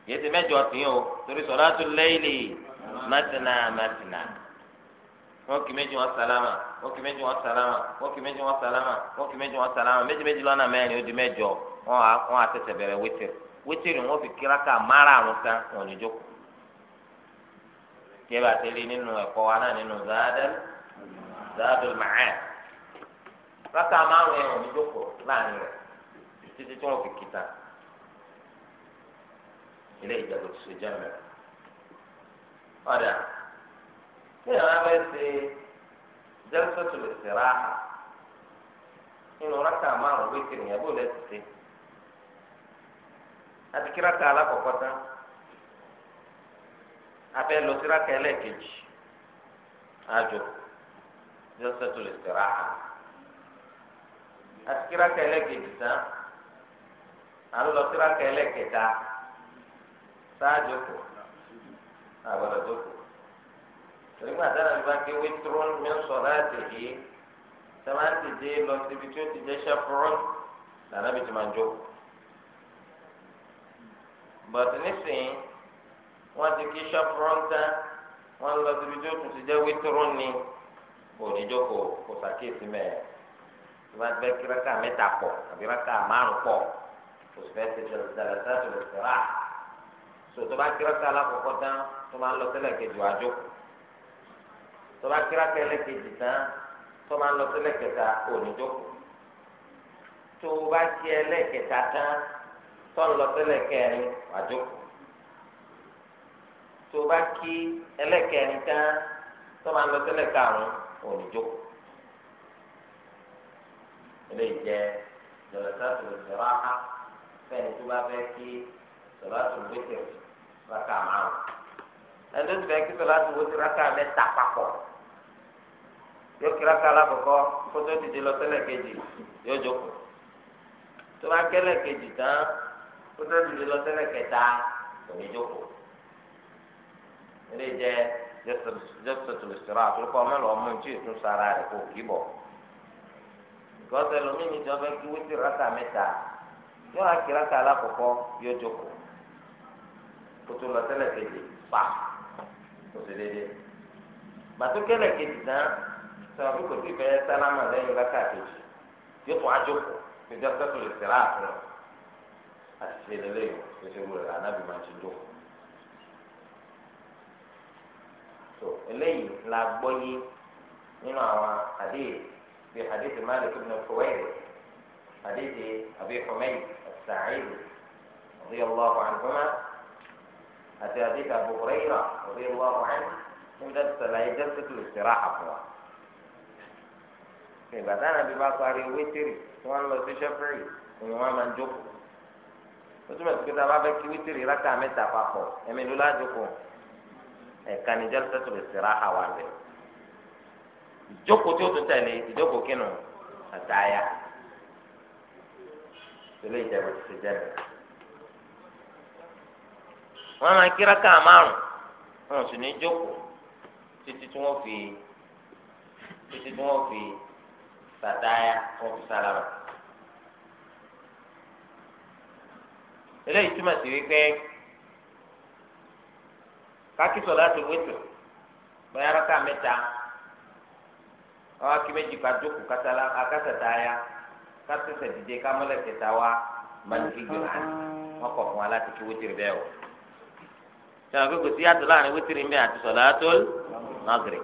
yẹn ti mẹ́jọ tìyàn o torí salatul layli matna matna wọn kì méjì wọn sálámà wọn kì méjì wọn sálámà wọn kì méjì wọn sálámà wọn kì méjì wọn sálámà méjì méjì lọ́nà mẹ́rin ó di mẹ́jọ wọn á wọn á tẹsẹ̀ bẹ̀rẹ̀ wítìrì wítìrì wọn fi kíráka mara àrùn tán wọn ní jókòó yẹ bá tẹ́lẹ̀ nínú ẹ̀kọ́ wa náà nínú zaadal zaadal ma'ad rákà márùn ẹ̀wọ̀n ní jókòó láàrin rẹ̀ títí tí wọ́n fi kíta ilé ìjàgbọ́ ti sojá mẹ́rin. ọ̀dà bí ìyàrá bẹ́ẹ̀ ṣe jẹ́rìsọ́tò lè ṣe ráhà nínú rákà márùn wíkì nìyẹn bó lẹ́sì ṣe. àti kí rákà alákọ̀ọ́kọ́ tán abẹ́ lọ sí ẹlẹ́ẹ̀kejì àjò lè ṣe ráhà. àti kíráka ẹlẹ́kejì tán à ń lọ kíráka ẹlẹ́kẹta sáájú kù àgbàdo tó kù nígbà tí àwọn ìbá ké wítrún mi ń sọ̀rọ̀ àti yìí tí wọ́n ti dé lọ síbi tí ó ti jẹ́ ṣẹ́fúrọ́n lànà bí ti máa jókòó bọ̀tí nísìnyí wọ́n ti kí ṣẹ́fúrọ́n tán wọ́n lọ síbi tí ó tún ti jẹ́ wítrún ni òní jókòó kò sàkíyèsí mẹ́rin tó bá fẹ́ kí rákà mẹ́ta pọ̀ àbí rákà márùn pọ̀ kò sì fẹ́ ṣe sọ̀rọ̀ sọ̀rọ̀ sọ̀rọ̀ so tó bá kí rákà alákọ̀ọ́kọ́ tán tó máa ń lọ sílẹ̀ kejì wájú tó bá kí rákà ẹlẹ́kejì tán tó máa ń lọ sílẹ̀ kẹta òníjó tó bá kí ẹlẹ́kẹta tán tó ń lọ sílẹ̀ kẹrin wájú tó bá kí ẹlẹ́kẹrin tán tó máa ń lọ sílẹ̀ karùn-ún òníjó ilé ìjẹ jọlọsà tòlù ìrọ́ha fẹ́ẹ̀ni tó bá fẹ́ kí sọlá tòlù wíṣẹ̀ rákà márùn. ẹ̀dọ́ ti fẹ́ kí sọlá tòlù wíṣẹ̀ rákà mẹ́ta papọ̀ yóò kí rákà alákọ̀ọ́kọ́ kótó dìde lọ sẹ́lẹ̀ kejì yóò jókòó tó bá kẹ́lẹ̀ kejì tán kótó dìde lọ sẹ́lẹ̀ kẹta kò jókòó ilé ìjẹ jọ́sọ̀tòlù ìrọ́ha tó kọ́ ọ gbọ́dọ̀ lómi ní ìjọba kí wítìrì rákà mẹ́ta yóò hàn kí rákà alákọ̀ọ́kọ́ yóò jókòó kótó lọ tẹ́lẹ̀ kejì pa kótó dédé gbàtó kẹlẹ̀ kejì náà sọ̀rọ̀ bí kò sí fẹ́ sálámà lẹ́yìn rákà kejì yóò tún ajókòó ìjọ sẹ́kù lè tẹ̀lé àfẹ́ àṣìṣe lélẹ́yìn ìṣèlú rẹ̀ ànábì máa ti jókòó. tó eléyìí la gbọ́ yé nínú àwọn àdéhìí. في حديث مالك بن الحويرث حديث أبي حميد السعيد رضي الله عنهما أتي حديث أبو هريرة رضي الله عنه من جلسة لا جلسة الاستراحة فيها ìgbà táwọn àbí bá parí wítìrì tí wọn lọ sí ṣẹfìrì ni wọn máa ń jókòó ó túmọ̀ sí pé tá a bá fẹ́ kí wítìrì rákà mẹ́ta papọ̀ ẹ̀mí ló lájókòó ẹ̀ka ni jẹ́lẹ́sẹ̀ tó lè ṣe ráhà wà bẹ́ẹ̀ ìjókòó tí ó tún tẹ̀lé ìjókòó kínú àtàyà ìpínlẹ̀ ìjẹ̀bù ti ṣe jẹ́nu. wọ́n máa kíra káà márùn wọn sì ní jókòó títí tí wọ́n fi títí tí wọ́n fi sàtáyà wọ́n fi sálámà. eléyìí túmọ̀ sí wípé kákísọ̀ láti wétò bóyá rákà mẹ́ta àwọn akí méjì ká jókòó kátàlá akásẹ̀tà ya kásẹ̀sẹ̀ dìde kámọ́lẹ̀kẹta wa mánìkìgbè hàn wọn kọ̀ fún wa láti kí wítìrì bẹ́ẹ̀ o. sọ̀rọ̀ pé kò sí yàtọ̀ láàrin wítìrì ń bẹ àti sọ̀láàtòl magre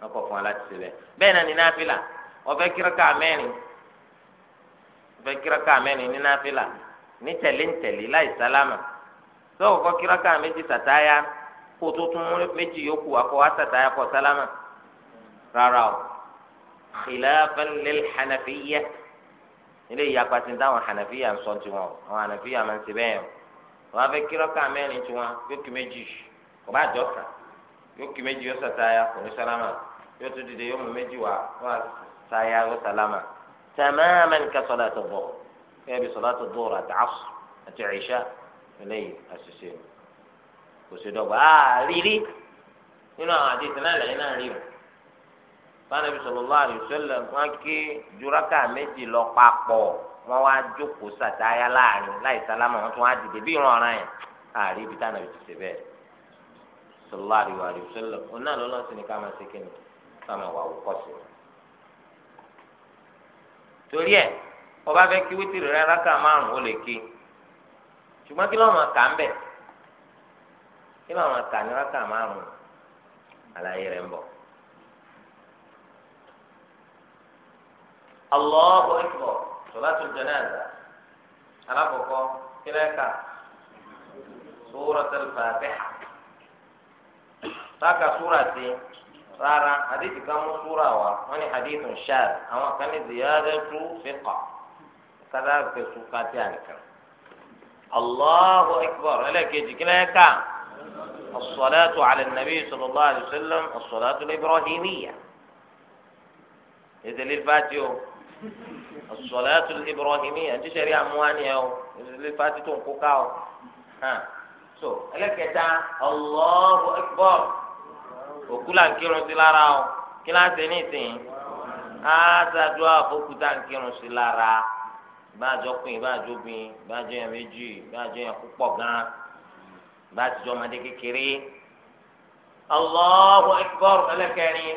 wọn kọ̀ fún wa láti ṣe bẹ́ẹ̀. bẹ́ẹ̀ náà ní náfìlà wọ́n fẹ́ kíráká mẹ́rin wọ́n fẹ́ kíráká mẹ́rin ní náfìlà ní tẹ̀lé ń tẹ̀lé láì sálámà sọ̀rọ̀ kọ́ kíráká méjì sàtáyà kó tó tún méjì yòókù akọ wa sàtáyà rárá o khilafan lil hanafiya ilé ìyapa ti ń dáhùn hanafiya ń sọ tiwọn o àwọn hanafiya máa ń ṣe bẹ́ẹ̀ o wọn afẹ́ kírọ́kà mẹ́rin tiwọn yóò kí méjì kò bá jọ kà yóò kí méjì yóò sàtáyà kò ní sálámà yóò tún dìde yóò mú méjì wá wọn sáyà yóò sálámà tamaman ka salatu dhuhr kẹ́ bí salatu dhuhr àti asr àti isha eléyìí àṣìṣe kò sí dọ́gba àárírí nínú àwọn àti ìtàn náà lẹ́yìn náà rí fanabi sallallahu alaihi wasallam wọn ké juraka méjì lọ papọ̀ wọn wá jókòó sàtáyà láàrin láì sálámà wọn tún wá dìde bí ìran ọ̀ràn yẹn ààrí ibi tánàbí ti ṣe bẹ́ẹ̀ sallallahu alaihi wasallam òun náà lọ́nà sí ni ká máa ṣe kí ni ká máa wà wọ́pọ̀ sí i. torí ẹ ọba fẹ́ kí wítìrì rẹ rákà márùn ó lè ké ṣùgbọ́n kí lọ́mọ kà ń bẹ̀ kí lọ́mọ kà ní rákà márùn àlàyé rẹ̀ ń bọ̀. الله أكبر صلاة الجنازة أنا بقى كلاك سورة الفاتحة تاكا سورة دي rárá hadithi kan mú súra wa wọn ní hadithun shad àwọn kan ní ziyadatu fiqa kádà pé suka tí a nìkan. allahu akbar ẹlẹ́kejì kí lẹ́yìn ká asọ́lẹ́tù alẹ́ nàbí sallallahu alayhi wa sallam asọ́lẹ́tù ibrahimiya ètò lè bá tí o. as-salatu al-ibrahimiyya àti sẹ́rí àmúhání ẹ̀ o ilé fati tó ń kó ká o so ẹlẹ́kẹta Allahu akbar òkú là ń kírun sí lára o kí láti ní ìsìn á sàdúrà àfọkùtà ń kírun sí lára ìbáàjọ pin ìbáàjọ obìnrin ìbáàjọ yẹn méjì ìbáàjọ yẹn púpọ̀ gan ìbáàjọ ọmọdé kékeré Allahu akbar ẹlẹ́kẹrin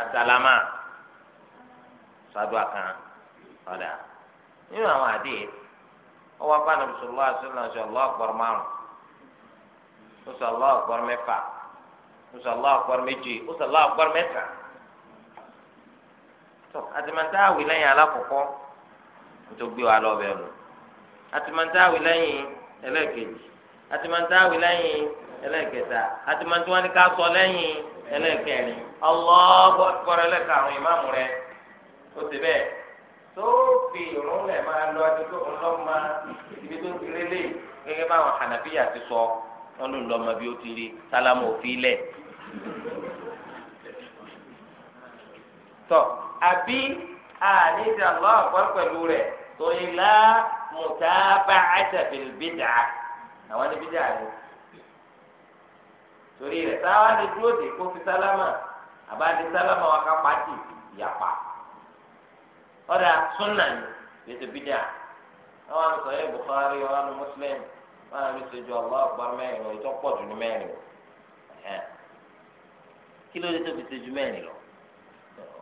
àsàlámà sàdúrà kan ọ̀dà nínú àwọn àdé ọwọ́ abáná bisalòlá àṣìlá ṣe ọlọ́ àkpọ̀rọ̀ márùn ó sọ ọlọ́ àkpọ̀rọ̀ mẹ́fà ó sọ ọlọ́ àkpọ̀rọ̀ méje ó sọ ọlọ́ àkpọ̀rọ̀ mẹ́ta tó àtìmọ̀tá àwì lẹ́yìn alákọ̀ọ́kọ́ tó gbé wa lọ bẹ́ẹ̀ lọ àtìmọ̀tá àwì lẹ́yìn ẹlẹ́ẹ̀kejì àtìmọ̀tá àwì lẹ́yìn ẹlẹ́ẹ̀kẹta àtìmọ̀tá ó ti bẹ́ẹ̀ tó fi ìrún lẹ̀ máa lọ ẹni tó ń lọ́ máa ibi tó ti rí lè gẹ́gẹ́ báwọn hànàfíyà ti sọ wọn ló ń lọ ọmọ bí ó ti rí sálámù òfin lẹ̀ tọ́ àbí àníjà lọ́ àgbọ̀n pẹ̀lú rẹ̀ torí lá mùtábà àjàbìlbìdà àwọn níbi dà ní torí rẹ̀ táwa ni dúró de kó fi sálámà àbá di sálámà wa ká pàtì yàpá ọ̀dà súnà ni gbèsè bídà àwọn àmì sọ̀rọ̀ Bukhari àwọn àmì Muslim wọn àmì sèjọ ọlọ́ àgbọ̀n mẹ́rin lọ ìtọ́ pọ̀ jù ní mẹ́rin o kí ló dé tó fi sèjú mẹ́rin lọ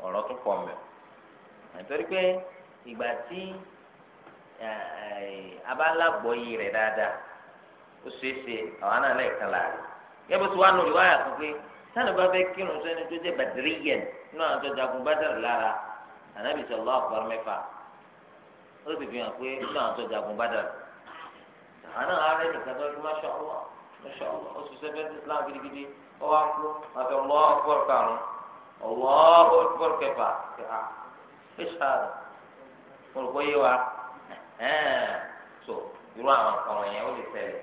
ọ̀rọ̀ tó pọ̀ mẹ́ àtọ́rí pé ìgbà tí abálàgbọ̀yì rẹ̀ dáadáa ó ṣeé ṣe àwọn náà lẹ́ẹ̀kan láàrin yẹ́n bó ti wá nù ìwáyà kan pé sáà bá fẹ́ kírun sẹ́ni tó jẹ́ bàdíríyẹn náà àjọjà gun bá dàrú lára anabi sọ lọ àkọrọ mẹ́fà ó sì fi hàn pé nínú àwọn tó jagun bá dàrú àná ara ẹni kan tó ń máṣọ ọwọ máṣọ ọwọ ó sì sọ fẹẹ islam gidigidi ó wá kú àti ọwọ ọgbọrọ karùnún ọwọ ọgbọrọ kẹfà kẹfà ó ṣàrò mo rò pé yé wa ẹn so irú àwọn ọ̀rọ̀ yẹn ó lè tẹ̀lé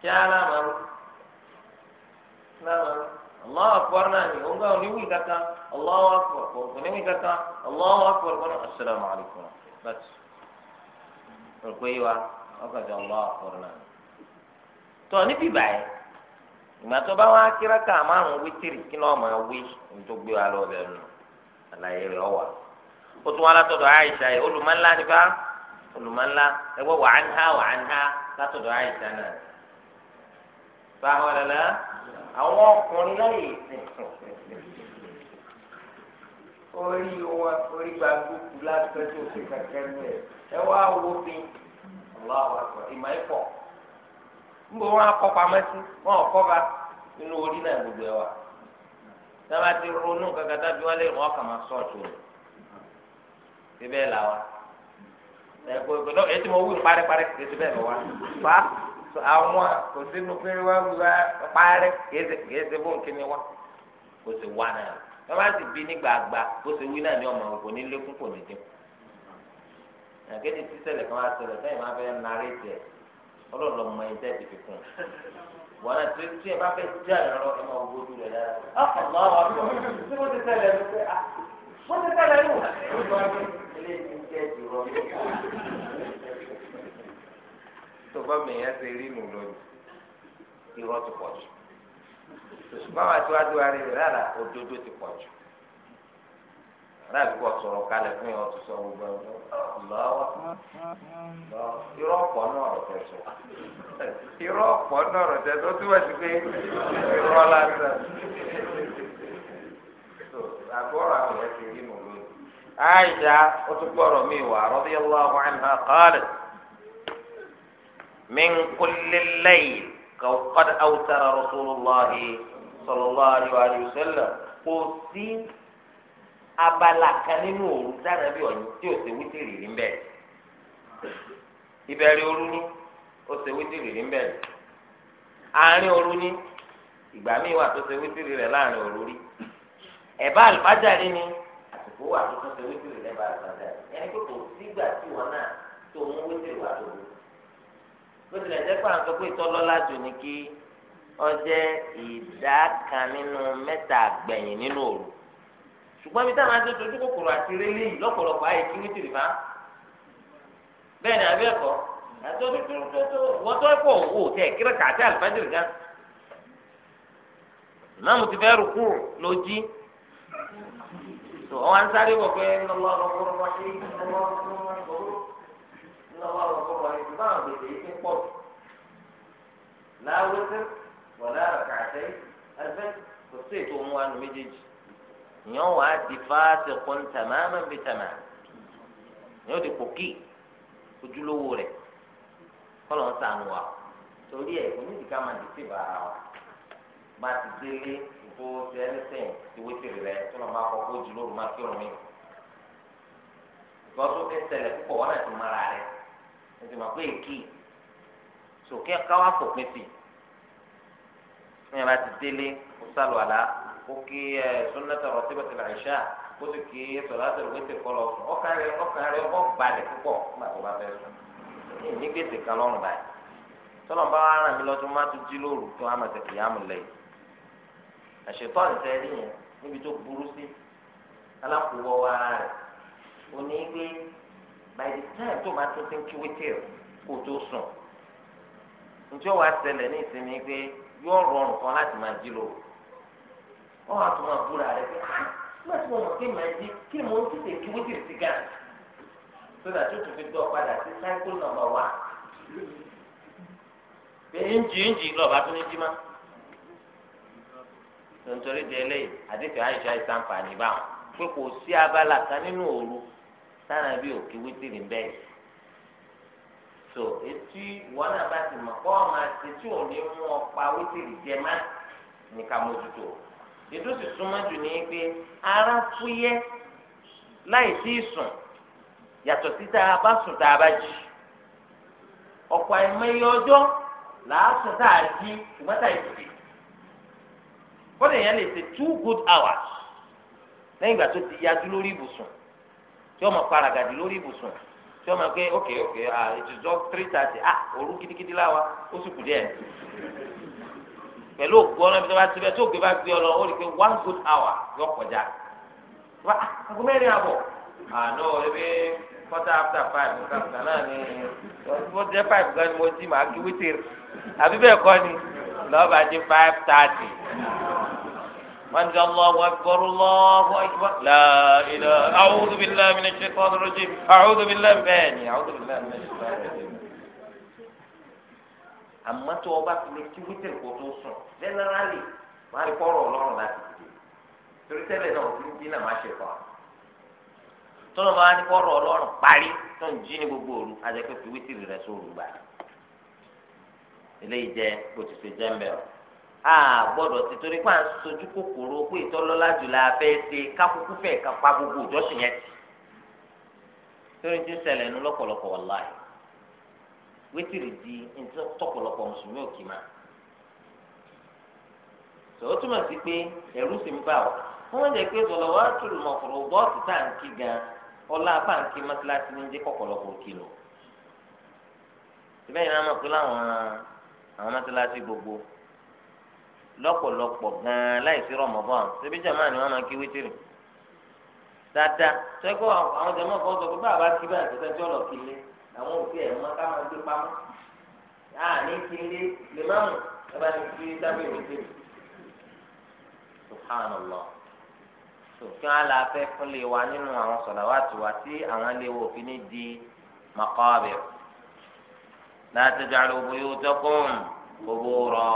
kí á lámàrú lámàrú. Allahu akbar náà ni òun gbàgbọ́ níwì kankan Allahu akbar kò níwì kankan Allahu akbar kò ní asalaamu alaykum bàtì òrùkọ yìí wa ọkọ̀ jọ Allahu akbar náà tọ́ níbi báyìí ìgbà tó bá wá kíráka márùn-ún wítìrì kí náà máa wí nítorí gbé wa lọ́ọ́ bẹ́ẹ̀ nù àlàyé rẹ̀ ọ̀wà ó tún wá látọ̀dọ̀ Àìṣà yìí olùmọ̀ńlá ni bá olùmọ̀ńlá ẹgbẹ́ wàá ń há wàá ń há látọ̀dọ̀ Àìṣà náà. fáwọn ọ̀lẹ́lẹ́ àwọn ọkùnrin láyè ìsìn orí wọn orí gbàgbókù lásán tó fi kẹkẹ lẹ ẹ wá wo bí ọlọ́wọ́ àgbà ìmọ̀ ẹ̀ pọ̀ níbo wọn akọ pamọ́ sí wọn ò kọ́ba nínú orí náà gbogbo ẹ̀ wá sábà ti ronú kankan tábí wọn lè rán ọkàn máa sọ ọ̀tún rẹ̀ síbẹ̀ làwọn ẹ̀ ètò ìmọ̀ àwọn kò sínú pé wọ́n wá parí kèése bó nkíni wá kò sì wá náà wọ́n bá sì bí ní gbàgbà kó sì wí náà ní ọmọ òkò ní lékún kò ní dín. àgẹ́ni sísẹ̀lẹ̀ kan wá sọ̀rọ̀ sẹ́yìn máa fẹ́ narí tẹ̀ ọlọ́run lọ́mọ ẹni tẹ́ ti fi kún un. wọ́n náà tó tí ẹ bá fẹ́ já ẹ̀rọ ẹ máa wo ojú rẹ̀ dára. ọ̀pọ̀lọpọ̀ àwọn ọ̀dọ́ tó bá mi yẹn ṣe rí nù lónìí irọ́ ti pọ̀ jù ṣùgbọ́n àwọn àtiwájú wa rí rẹ̀ rárá òdodo ti pọ̀ jù náà bí kò sọ̀rọ̀ kalẹ̀ fún yẹn ọtún sọ gbogbo ọ̀dọ́ lọ́wọ́ irọ́ ọ̀pọ̀ náà ọ̀rọ̀ tẹ̀ irọ́ ọ̀pọ̀ náà ọ̀rọ̀ tẹ̀ tí wọ́n ti pé irọ́ lásán àgọ́rọ̀ àwọn ẹ̀ ti rí nù lónìí. àìjà ó tún gbọ́rọ̀ mi wà radiyallahu من كل الليل قد أوتر رسول الله صلى الله عليه وسلم قصي abala kan nínú òru dára bí ọ̀yìn tí ò ṣe wítìrì rí mbẹ́ ìbẹ̀rẹ̀ òru ni ó ṣe wítìrì rí mbẹ́ àárín òru ni ìgbà míì wà tó ṣe wítìrì rẹ̀ láàrin òru rí ẹ̀bá àlùfájàrí ni àsìkò wà tó ṣe wítìrì rẹ̀ bá àlùfájàrí ẹni pé kò sígbà tí wọn náà tó ń wítìrì wà tó ń bó a jẹ́ pé àwọn sọ pé ìtọ́lọ́lá jù ní kí ọjẹ́ ìdá kan nínú mẹ́ta gbẹ̀yìn nínú òru ṣùgbọ́n mi táwọn àti ojú kòkòrò àti rélé yìí lọ́pọ̀lọpọ̀ ayé kí fa bẹ́ẹ̀ ni àbí ẹ̀kọ́ àti tó tó wọ́n ẹ̀kọ́ òwò tẹ̀ ti fẹ́ rúkú ló jí sáré wọ̀ pé ńlọ́lọ́ ọ̀rọ̀ sọ wọn lọ kọ́ wọlé tí báwọn gbèsè yìí ti pọ̀ jù láwùjọ wọlé àràkà àtẹ ẹgbẹ́ kò sí ètò òun wa nù méjèèjì ìyẹn wà á di fáàtì kún tàmáàmà bí tàmáà ìyẹn ò di kòkì ojúlówó rẹ̀ kọ́lọ̀ ń sànù wa torí ẹ̀ onídìí máa dìtì bàrà wa bá ti délé ìbò ti ti wétìrì rẹ̀ tó lọ́ọ́ máa kọ́ kó máa kí òun mi. ìgbọ́sọ́ tẹ̀lé púpọ̀ wọn náà mara rẹ̀ mo ti mọ̀ pé èkì sòkè káwá fòpin sí ní ìyàrá ti délé kó sálọ àlá kó kí ẹ sunnata ratibatil isha kó sì kí salatul witr kọ́ lọ sùn ọkàn rẹ ọkàn rẹ ọ balẹ̀ púpọ̀ nígbà tó bá fẹ́ sùn ní gbèsè kan lọ́rùn báyìí tọ́lọ̀ bá wàá ràn mí lọ́dún má tún jí lóru tó wàá màtẹ̀ kìyàmù lẹ́yìn àṣetọ́ ìfẹ́ rí yẹn níbi tó burú sí alákòwọ́ wa rẹ̀ ó gbé báyìí náà tó máa tó ti ń kí wítìrì kó tó sùn njẹ́ wàá ṣẹlẹ̀ ní ìsinmi pé yóò rọrùn kan láti máa jí lóru wọ́n wàá tún máa búra rẹ̀ pé ah, nígbà tí mo mọ̀ pé màá jí kí mo ń tètè kí wítìrì sí gà tó dà tó tún fi gbọ́ padà sí cycle number one pé ńjì ńjì lọ́ọ̀bá tún ní jí má nítorí délé àdéhùn àìsàn ìsànfàní báwọn pé kò sí abala kan nínú òru sára bí òkè wítìrì ń bẹ́ẹ̀ so etí wọn náà bá ti mọ̀ kọ́ ọ máa ṣe tí ò ní mú ọ pa wítìrì jẹ má ní ká mójútó ètò sì súnmọ́ jù ní pé ara fúyẹ́ láì sí ìsùn yàtọ̀ sí tá a bá sùn tá a bá jì ọ̀pọ̀ àìmọye ọjọ́ làásùn tá a jí ṣùgbọ́n tá a jì bọ́dẹ̀ yẹn lè ṣe two good hours lẹ́yìn ìgbà tó ti yájú lórí ibùsùn tí ọmọ paragadi lórí ibùsùn tí ọmọ pé ok ok ah it is just three thirty ah òru kitikiti láwa ó sì kù díẹ̀ pẹ̀lú òkú ọ̀nà ibi tó bá ti bẹ̀ tó gbé bá gbé ọ ó rí pé one good hour yọ kọjá wá àgbo mẹ́rin Ah no, ebi quarter after five kàkà náà ni mo jẹ́ five gan ni mo jí màá kí wítìrì àbí bẹ́ẹ̀ kọ́ ni lọ́ọ́ bá dé five thirty wọ́n ti Allahu akbar Allahu akbar la ilaha a'udhu billahi minash shaitanir rajim a'udhu billahi bẹ́ẹ̀ ni a'udhu billahi minash shaitanir rajim. àmọ́ tó o bá fi lè kí wítìrì kó tó sùn jẹ́nẹ́rálì wọ́n á rí kọ́rọ̀ ọlọ́run láti dìde torí tẹ́lẹ̀ náà òfin dín náà má ṣe fà á tọ́nà máa ní kọ́ ọ̀rọ̀ ọlọ́run parí tó ń jí ní gbogbo òru àjẹpẹ́ fi wítìrì rẹ̀ sóòrù gbà. eléyìí jẹ́ bó ti ṣe jẹ́ ń bẹ̀rù a gbọ́dọ̀ ti torí pé à ń sojú kòkòrò pé ìtọ́lọ́lá jùlọ abẹ́ ṣe kákúkú fẹ̀ ká pa gbogbo ìjọsìn yẹn ti torí ti ń ṣẹlẹ̀ nu lọ́pọ̀lọpọ̀ wàláì wítìrì di tọ́pọ̀lọpọ̀ mùsùlùmí òkì máa tòó túmọ̀ sí pé ẹ̀rú sì ń bà wá wọ́n jẹ́ pé sọ̀rọ̀ wá tùrù mọ̀kòrò bọ́ọ̀sì tá à ń kí gan ọlá apáǹkì mọ́tíláṣí ní jẹ́ kọ̀kọ̀lọ̀kọ̀ òkè lọ. síbẹ̀ yìí náà mọ̀ pé láwọn àwọn lọ́pọ̀lọpọ̀ gan-an láìsí rọmọbọ́n ṣebí jàmáà ni wọ́n máa kí wítìrì dáadáa sẹ́kọ̀ àwọn jàmáà kan sọ pé bá a bá kí báyìí tẹ́tẹ́ jọ́ lọ kí lé àwọn òfin ẹ̀ mọ́ ká máa gbé pamọ́ àní kí lé lè má mú ẹ bá ní kí dábìlì wítìrì subhanallah sòfin ala fún lè wa nínú àwọn sọ̀làwàtì wa tí àwọn lè òfin ní di maqabir la taj'alu buyutakum gbogbo rọ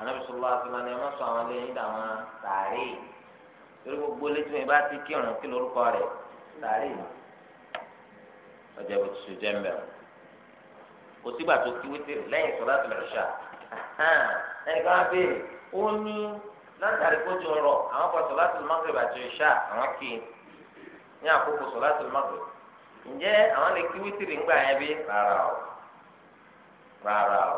anabi sọlá sọlá ni ẹ má sọ àwọn ilé yín dàwọn sàárè torí gbogbo létí wọn bá ti kírun kí lórúkọ rẹ sàárè ọjà bó ti so jẹ mbẹ kò sígbà tó kí wítìrì lẹ́yìn sọlá tó lọ ṣá ẹnì kan á béèrè ó ní látàrí kójú rọ àwọn kan sọlá tó lọ mọgbẹ bàtí ṣá àwọn kì í ní àkókò sọlá tó lọ mọgbẹ ǹjẹ́ àwọn lè kí wítìrì ńgbà yẹn bí rárá o rárá o.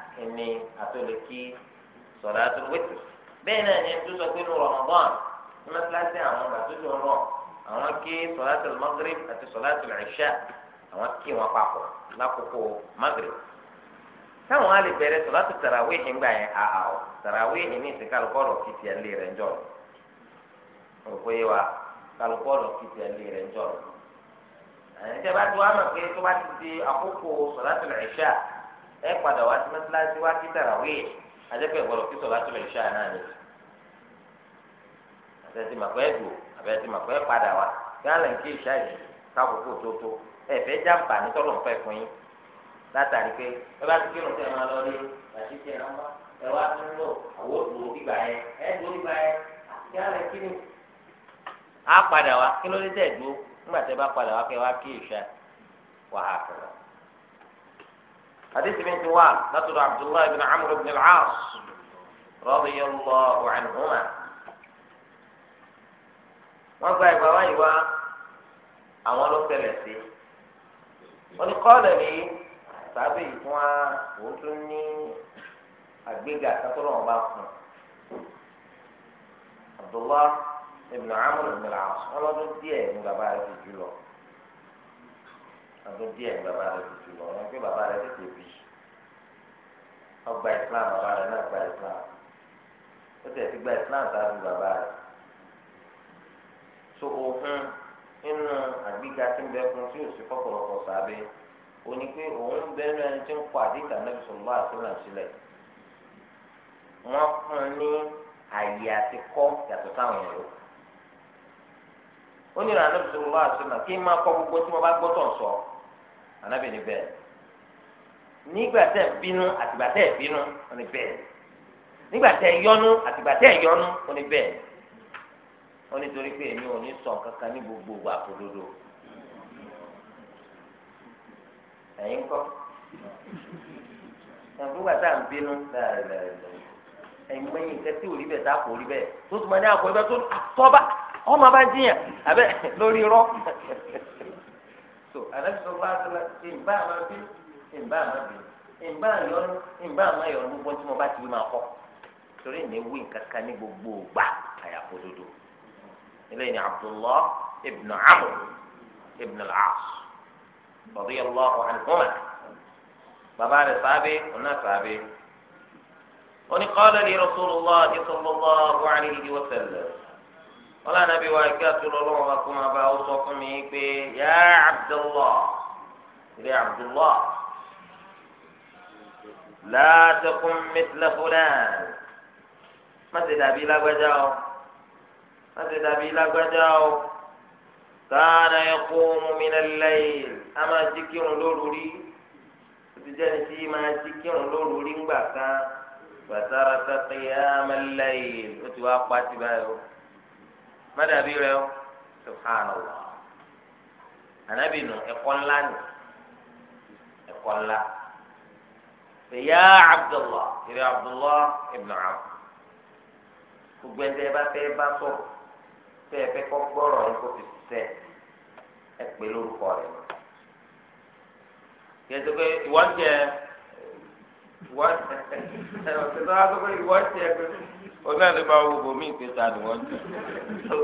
ẹni àtọ́lẹ̀kí sọ̀rọ̀ àtọ́lẹ̀wẹ̀tì bẹ́ẹ̀ náà ni ẹni tó sọ pé ní Ramadan ní mẹ́tíláṣí àwọn ọgbà tó dùn rọ̀ àwọn kí sọ̀láṣí Maghrib àti sọ̀láṣí Isha àwọn kí wọn papọ̀ lákòókò Maghrib táwọn á lè bẹ̀rẹ̀ sọ̀láṣí tarawih ńgbà yẹn àhà ọ̀ tarawih ní ìsìnkálukọ́rọ̀ kìtì ẹ̀ kìtì ẹ padà wá sí mẹsàlásí wá kí tàràwíì àjẹpẹ́ ìgbọ́dọ̀ kí sọ̀rọ̀ àtúlẹ̀ ìṣá náà ni àtẹ̀sí màpẹ́ dùn àbẹ̀sí màpẹ́ padà wá gálẹ̀ ń kí ìṣá yìí kákòókò tó tó ẹ fẹ́ jàǹfà ní tọ́lọ̀ ń fẹ́ yín látàrí pé ẹ bá ti kírun tẹ̀ máa lọ rí àti wá ẹ wá tún lò ẹ kí ni. á padà حديث بن جوال نتر عبد الله بن عمرو بن العاص رضي الله عنهما wọ́n gba ìgbà wáyé wá àwọn ló tẹ̀lẹ̀ sí wọ́n ní kọ́ọ̀lẹ̀ ní sábẹ́ yìí fún wa òun tún ní àgbéga sátọ́lọ́ wọn bá fún Abdullah ibn Amr ibn al-As wọ́n lọ́dún díẹ̀ ní bàbá rẹ̀ ti jù lọ àbí díẹ̀ ní bàbá rẹ̀ tuntun lọ wọn pé bàbá rẹ̀ tètè bì ọgbà islam bàbá rẹ̀ náà gba islam ó tẹ̀ sí gba islam sáájú bàbá rẹ̀ so òun nínú àgbéga tí ń bẹ fún tí òsì fọkànlọpọ sábẹ òní pé òun bẹnu ẹni tí ń kọ àdìgbà náà sọlọ àtúnà sílẹ̀ wọn fún un ní àyè àti kọ yàtọ̀ sáwọn yẹn ó nílò ànábì tó ń bá àṣọlá kí n máa kọ́ gbogbo tí mo bá gbọ́ sọ ànábì ní bẹ́ẹ̀ nígbà tẹ̀ bínú àtìgbà tẹ̀ bínú ó ní bẹ́ẹ̀ nígbà tẹ̀ yọnu àtìgbà tẹ̀ yọnu ó ní bẹ́ẹ̀ ó ní torí pé èmi ò ní sọ kankan ní gbogbo ìgbà ẹ̀yin kọ́ bínú ẹ̀yin mẹ́yìn kẹ́tí tá a kò rí bẹ́ẹ̀ tó tún ní àkọ́ wọn máa bá jiyàn abẹ lórí rọ so àlẹsọ bá tẹlẹ ìgbà máa bí ìgbà máa bí ìgbà yọnu ìgbà máa yọnu gbogbo tí mo bá ti máa kọ torí ìní wí nǹkan ní gbogbo gbà àyàfó dodo eléyìí ni Abdullah ibn Amr ibn al-As radiyallahu anhuma bàbá rẹ̀ sábẹ ọ̀nà sábẹ oní qala li Rasulullah sallallahu alayhi wa sallam. wọn lànà bí wàá kí àtúrò ọlọ́wọ́n bá kó máa bá ọ sọ fún mi pé yá abdullah rẹ abdullah látọkùn mẹtìlẹfúlẹ́n má ti dàbí lágbájá o má ti dàbí lágbájá o káàna ẹkọ mọmìnà lẹ́yìn a máa jí kírun lóru rí o ti jẹ́ni tí máa jí kírun lóru rí ńgbà kan bàtàrà tàkìyà mẹlẹ́yìn o ti wá pa ti báyìí o. mọ́dàbí rẹ ó subhanallah ànábì nù ẹ̀kọ́ ńlá nì ẹ̀kọ́ ńlá fìyà abdullah ìrẹ abdullah ibn am gbogbo ẹ̀ńtẹ́ bá fẹ́ bá sọ̀rọ̀ fẹ́ ẹ fẹ́ kọ́ gbọ́rọ̀ ẹ̀ kó fi sẹ́ ẹ pè lórúkọ rẹ̀ yẹtù pé ìwọ́n jẹ ìwọ́n jẹ ẹ̀ ọ̀sẹ̀ tó wá sọ pé ìwọ́n jẹ pé onáà lè máa wo bòmí ìpèsè àdùnwọ̀n jù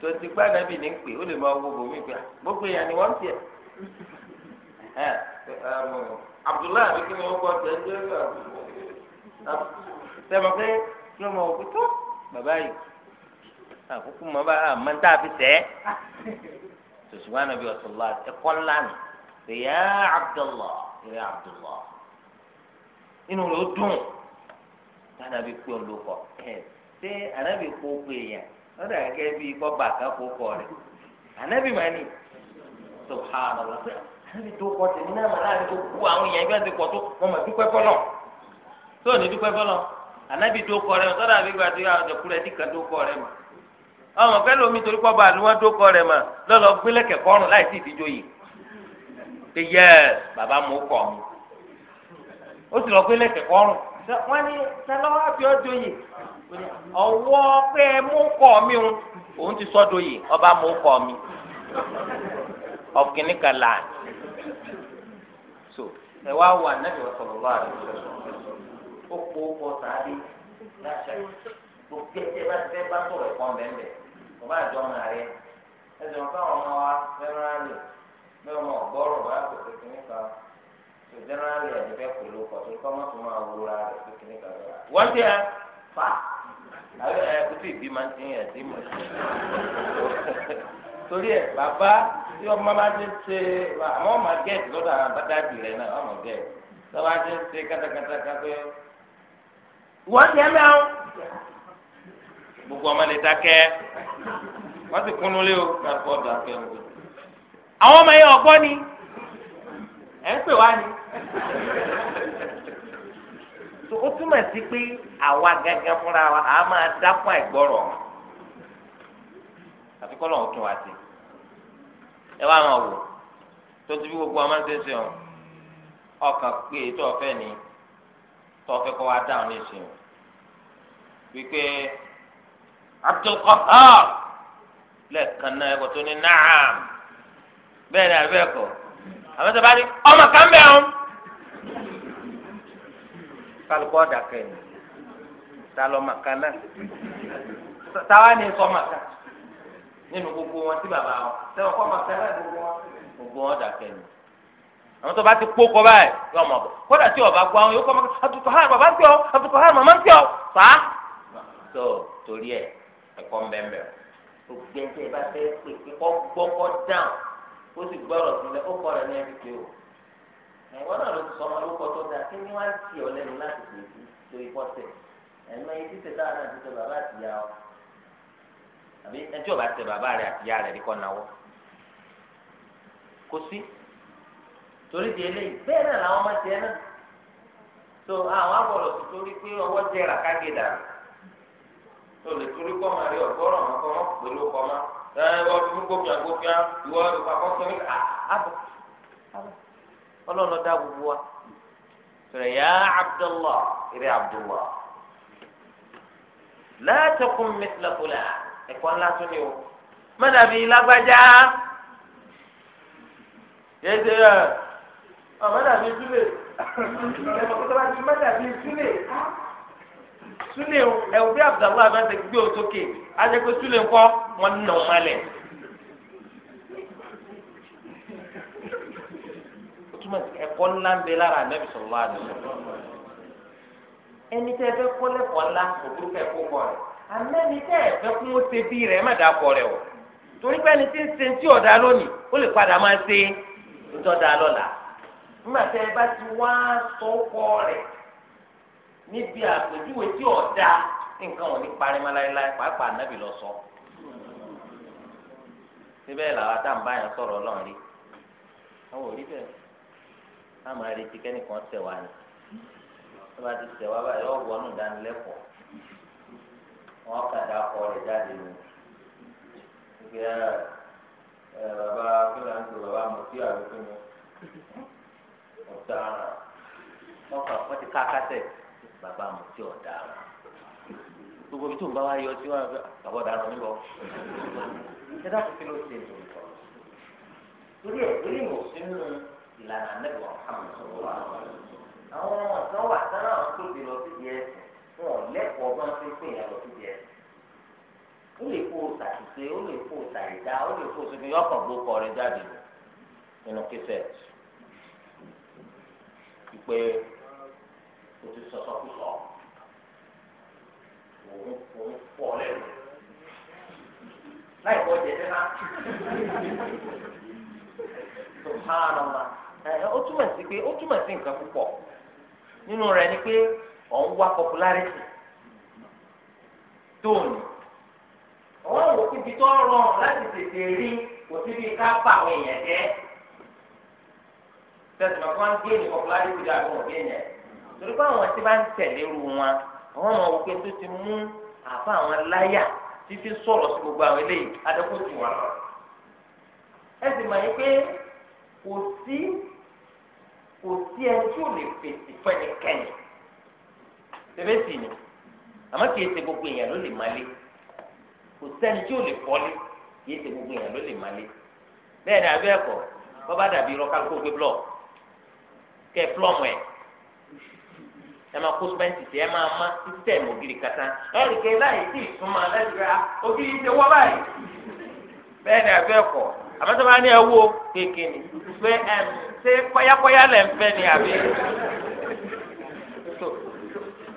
tó ti gbá nàbì ní pè ó lè máa wo bòmí ìpè gbogbo èèyàn ni wọ́n ti Abdullahi àbí kí ni ó kọ́ tẹ̀ ẹ́ sẹ́mi pé kí ọmọ òkú tó bàbá yìí àkókò mọ́ bá àmọ́ tá a fi tẹ̀ ẹ́ tòṣùwọ́n nàbì ọ̀sọ̀lá ẹ̀kọ́ ńlá nù pé Abdullahi yá Abdullahi inú rẹ̀ ó dùn. anabi pé olùkọ́ ṣé anabi kó pé yẹn wọ́n dà gẹ́gẹ́ bí kọ́ba kan kó kọ́ rẹ̀ anabi máa ní subhanallah anabi tó kọ́ tèmi náà mà láàrin tó kú àwọn èèyàn bí wọ́n ti kọ́ to wọ́n ma dúpẹ́ fọlọ́ tó ní dúpẹ́ fọlọ́ anabi tó kọ́ rẹ̀ sọ́dọ̀ àbí gbàdúrà yà ọ̀dọ̀ kúrẹ́ dìkan tó kọ́ rẹ̀ mà ọmọ fẹ́ lomi torí kọ́ba ni wọ́n tó kọ́ rẹ̀ mà lọ́lọ́ gbélẹ̀kẹ̀ kọ́rùn láì sí ìdíjọ́ yìí pé yẹ bàbá mú mi ó wọ́n ní sẹ́lọ́wọ́ fi ọdún ọwọ́ pé mú kọ́ mi o òun ti sọ ọba mú kọ́ mi ọ̀kìnní kan là so ẹ wá wà nẹ́bí ọ̀sọ̀rọ̀ lọ́wọ́ àti ó kó kọ́ sáré láṣà gbogbo ẹ̀jẹ̀ bá ti fẹ́ bá sọ̀rọ̀ ẹ̀kọ́ ọmọ rẹ ọmọ wa fẹ́ràn rẹ bá kékeré kan. tó jẹnẹrali ẹni fẹ́ pè ló kọ tó kọ mọ tó máa wúra rẹ tó kíní kan lọ. wọ́n ti ẹ fa àbẹ ẹ kó tó ìbí máa ń ti yàn sí mọ̀ torí ẹ bàbá tí ọmọ máa ti ṣe àmọ́ ọmọ gẹ̀ẹ́tì lọ́dọ̀ àwọn abájáde rẹ náà ọmọ gẹ̀ẹ́tì tọ́wọ́ ti ṣe kátàkátà kápẹ́ wọ́n ti ẹ mẹ́wọ́ gbogbo ọmọ lè dákẹ́ wọ́n ti kunu lé o ká fọ́ dákẹ́ o. àwọn ọmọ yẹn ọgbọ́n ni ẹ̀ ń pè wá ni tó o túmọ̀ sí pé àwa gẹ́gẹ́ fúnra wa àá máa dákun àìgbọ́rọ̀ wọn àfi kọ́ lọ́wọ́ tún wa sí ẹ wá máa wò tó ti fi gbogbo ọmọ ṣe ń ọkàn pé ètò ọ̀fẹ́ ni tó ọ̀fẹ́ kọ́ wa dáhùn ní ìsìn wípé Abdulqahar lẹ́ẹ̀kan náà ẹ̀kọ́ tó ní náà bẹ́ẹ̀ ni àbẹ́ẹ̀kọ́ àbẹ́sẹ̀ bá ní ọmọ kan bẹ́ẹ̀ o kálukọ́ ọ̀dàkẹ́ ni talọ màkà náà táwa ni sọ màkà nínú gbogbo wọn tí bàbá wọn sẹ́wọ̀n kọ́ màkà náà gbogbo wọn gbogbo wọn ọ̀dàkẹ́ ni àwọn tó bá ti kó kọ báyìí yóò mọ̀ bọ̀ kódà tí ọba gbọ́ àwọn yóò kọ́ mọ́ àtùkọ̀ hàn bàbá ń tẹ̀ ọ́ àtùkọ̀ hàn màmá ń tẹ̀ fà á. tó torí ẹ ẹ̀kọ́ ń o gbẹ́ńtẹ́ bá fẹ́ pé kọ́ gbọ́ kọ́ ó sì gbọ́rọ̀ sílẹ̀ ó kọ́ ní ẹ̀mí pé o ẹ̀wọ́n náà ló ti sọ ọmọ tó dáa kí ni wọ́n á ti ọ lẹ́nu láti pè é tó ikọ́ tẹ̀ ẹ̀mọ yìí títẹ̀ táwa náà ti tẹ bàbá àti ìyá ọ àbí ẹjọ́ bá tẹ bàbá rẹ̀ àti ìyá rẹ̀ ní kọ́ náwó kò sí torí di eléyìí bẹ́ẹ̀ náà làwọn máa jẹ náà so àwọn agbọ̀dọ̀ tó torí pé ọwọ́ jẹ́ ràkàgédà tó lè torí kọ́ máa rí ọ̀gọ́rọ̀ máa kọ́ máa máa ẹ ọlọ́run dá gbogbo wa sọ̀rọ̀ yá abdullah eré abdullah látọkùn mẹsìlẹ̀kùlà ẹ̀kọ́ ńlá tún ni o mọ́tàbí lágbájá yéèdè ẹ̀ mọ́tàbí túlẹ̀ ẹ̀mọ́tàbí mọ́tàbí túlẹ̀ túlẹ̀ ẹ̀wù bí abdullah bá ń tẹ̀ gbé o sókè ajẹ́pẹ́ túlẹ̀ ńkọ́ wọn nà ọ́ malẹ̀. túmọ̀ sí ẹ̀kọ́ ńlá ń bẹ lára ànábì sọ̀rọ̀ àdúgbò ẹni tẹ́ fẹ́ kọ́ lẹ́kọ̀ọ́ ńlá òkúrú fẹ́ kó kọ́ rẹ̀ àmọ́ ẹni tẹ́ fẹ́ kún ó ṣe bí rẹ̀ má dà kọ́ o torí pé ẹni tí ń ṣe tí ọ̀dà lónìí ó lè padà máa ṣe ìtọ́da lọ́la nígbà tẹ́ ẹ bá ti wá sọ́kọ́ rẹ̀ níbi àpèjúwe tí ọ̀dà nǹkan ò ní parí mọ́ pàápàá ànábì lọ sọ síbẹ̀ làwọn àtàǹbáyà sọ̀rọ̀ ọlọ́run rí àwọn ò bẹ́ẹ̀ a máa retí kẹ́nìkan tẹ̀ wá ni tó bá ti tẹ̀ wá báyìí ọ̀ wọnú ìdánilẹ́kọ̀ọ́ wọn kàdá kọ rẹ̀ jáde ni ìgbé ẹ bàbá fúlàǹtì bàbá mọ̀tí àbíkú ni ọ̀daràn wọn kà wọ́n ti ká kásẹ̀ bàbá mọ̀tí ọ̀daràn gbogbo bí tó ń bá wa yọ sí wa àbọ̀ ọ̀daràn níbọ̀ ẹ dákun kí ló ṣe ìtòlùkọ́ lórí ẹ̀ lórí ìwòsínú ìlànà mẹ́wàá Muhammad sọ̀rọ̀ wa. àwọn ọ̀sán wà sára àwọn tó ti lọ síbi ẹ̀sìn wọn ò lẹ́kọ̀ọ́ bá ń fi pè yàn lọ síbi ẹ̀sìn. ó lè kó o ṣàṣìṣe ó lè kó o ṣàìdá ó lè kó o ṣèkè yọkàn gbó kọ rẹ jáde nínú kẹsẹ̀tì. ìpè o ti sọ sọkúsọ òun òun pọ̀ lẹ́nu láì kọ́ jẹ́ sẹ́ná. subhanallah. Eh, ó túmọ̀ sí pé ó túmọ̀ sí nǹkan púpọ̀ nínú rẹ̀ ni pé òun wá popularity tóònù ọwọ́ wò kíbi tó rọrùn láti tètè rí kò síbi ká pa àwọn èèyàn máa gé ní popularity dá àwọn òbí yẹn torí pé àwọn tí bá ń tẹ̀lé ru wọn àwọn ọmọ tó ti mú gbogbo àwọn eléyìí wà lọ. ẹ sì mọ̀ kò sí ẹni tí ò lè fèsì fẹ́ni kẹ́yìn sì ni kìí ṣe gbogbo èèyàn ló lè má lé kò sẹ́ni lè fọ́lé kìí ṣe gbogbo èèyàn ló lè má lé bẹ́ẹ̀ ni abẹ́ ẹ̀kọ́ bọ́ dàbí gbé ẹ máa kó ẹ máa má kata ẹ̀rì kẹ́ láì sí ìtumọ̀ lẹ́sìn báyìí àbẹ́sẹ̀ máa ní ẹwọ́ kékeré pé ẹ̀ ṣé kọ́yákọ́yá lẹ̀ ń fẹ́ ni àbí.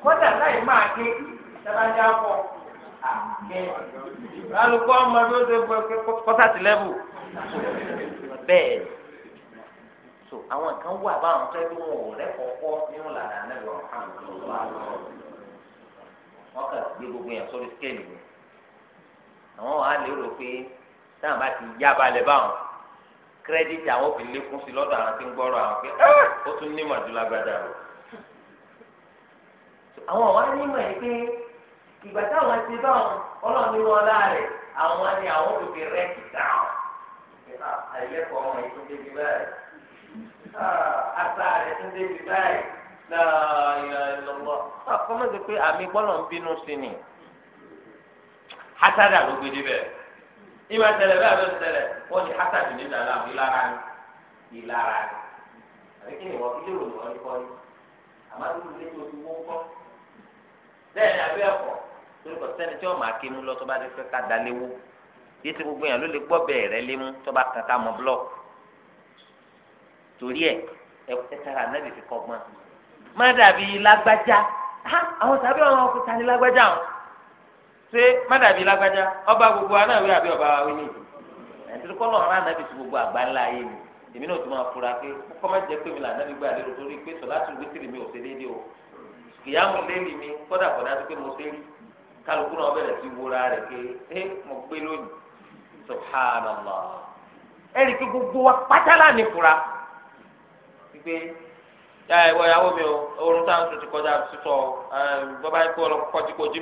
kódà láì máa ké sábàjá kọ alùpùpù ọmọ bí ó ṣe bọ kọ́sàtì lẹ́bù bẹ́ẹ̀ so àwọn kan wà báwọn tó ẹbí wọn ò rẹ́kọ̀ọ́kọ́ nínú làdá náà lọ àwọn wọn kà gbé gbogbo yẹn sórí skéèlì wọn àwọn wà á lérò pé táwọn bá ti yá balẹ̀ báwọn kírẹ́dìtì àwọn òfin lékún sí lọ́dọ̀ àwọn tí ń gbọ́rọ̀ àwọn pé ah, ó tún ní màdúlágbádá o. àwọn wa ní mọ̀ ẹ́ pé ìgbà táwọn ti báwọn ọlọ́run ní wọn láàrẹ̀ àwọn ni àwọn òfin rẹ̀ ti dáhùn. àìlẹ́kọ̀ọ́ ọmọ yìí tún débi báyìí ah, àṣà rẹ̀ tún débi báyìí náà ìlọ́lọ́. àkọ́mọ́sí pé àmì gbọ́dọ̀ ń bínú sí ni. hátàdà ló gbé débẹ̀ ìmọ̀ ìṣẹ̀lẹ̀ bẹ́ẹ̀ ló ṣẹlẹ̀ wọ́n ní hasadu ní ìlànà àwọn ìlara ni ìlara ni àbí kí ni wọ́n fi lérò lọ́wọ́ ní kọ́ni àmàlùkù lé tó ti wọ́n kọ́ bẹ́ẹ̀ ni abẹ́ ẹ̀kọ́ torí kò sẹ́ni tí wọ́n máa ké mú lọ tó bá dé fẹ́ ká dalé wó yé ti gbogbo yẹn ló lè gbọ́ bẹ́ẹ̀ rẹ lé mú tó bá kàn ká mọ blọọkù torí ẹ ẹ tara anábì fi kọ́ gbọ́n ṣé mádàbí lágbájá ọba gbogbo anáwé àbí ọba wa wílé ẹ̀ńtí kọ́lọ̀ ọ̀rọ̀ ànábì sí gbogbo àgbáńlá ayé mi èmi náà tún máa fura pé kọ́má jẹ́ pé mi là ànábì gbà lérò torí pé sọ̀láṣù wítìrì mi ò ṣe o kìyàmù mi kọ́dà kọ́dà tó pé mo ṣe rí kálukú náà bẹ̀rẹ̀ sí wúra rẹ̀ pé ẹ ya ìyàwó mi o táwọn tó ti kọjá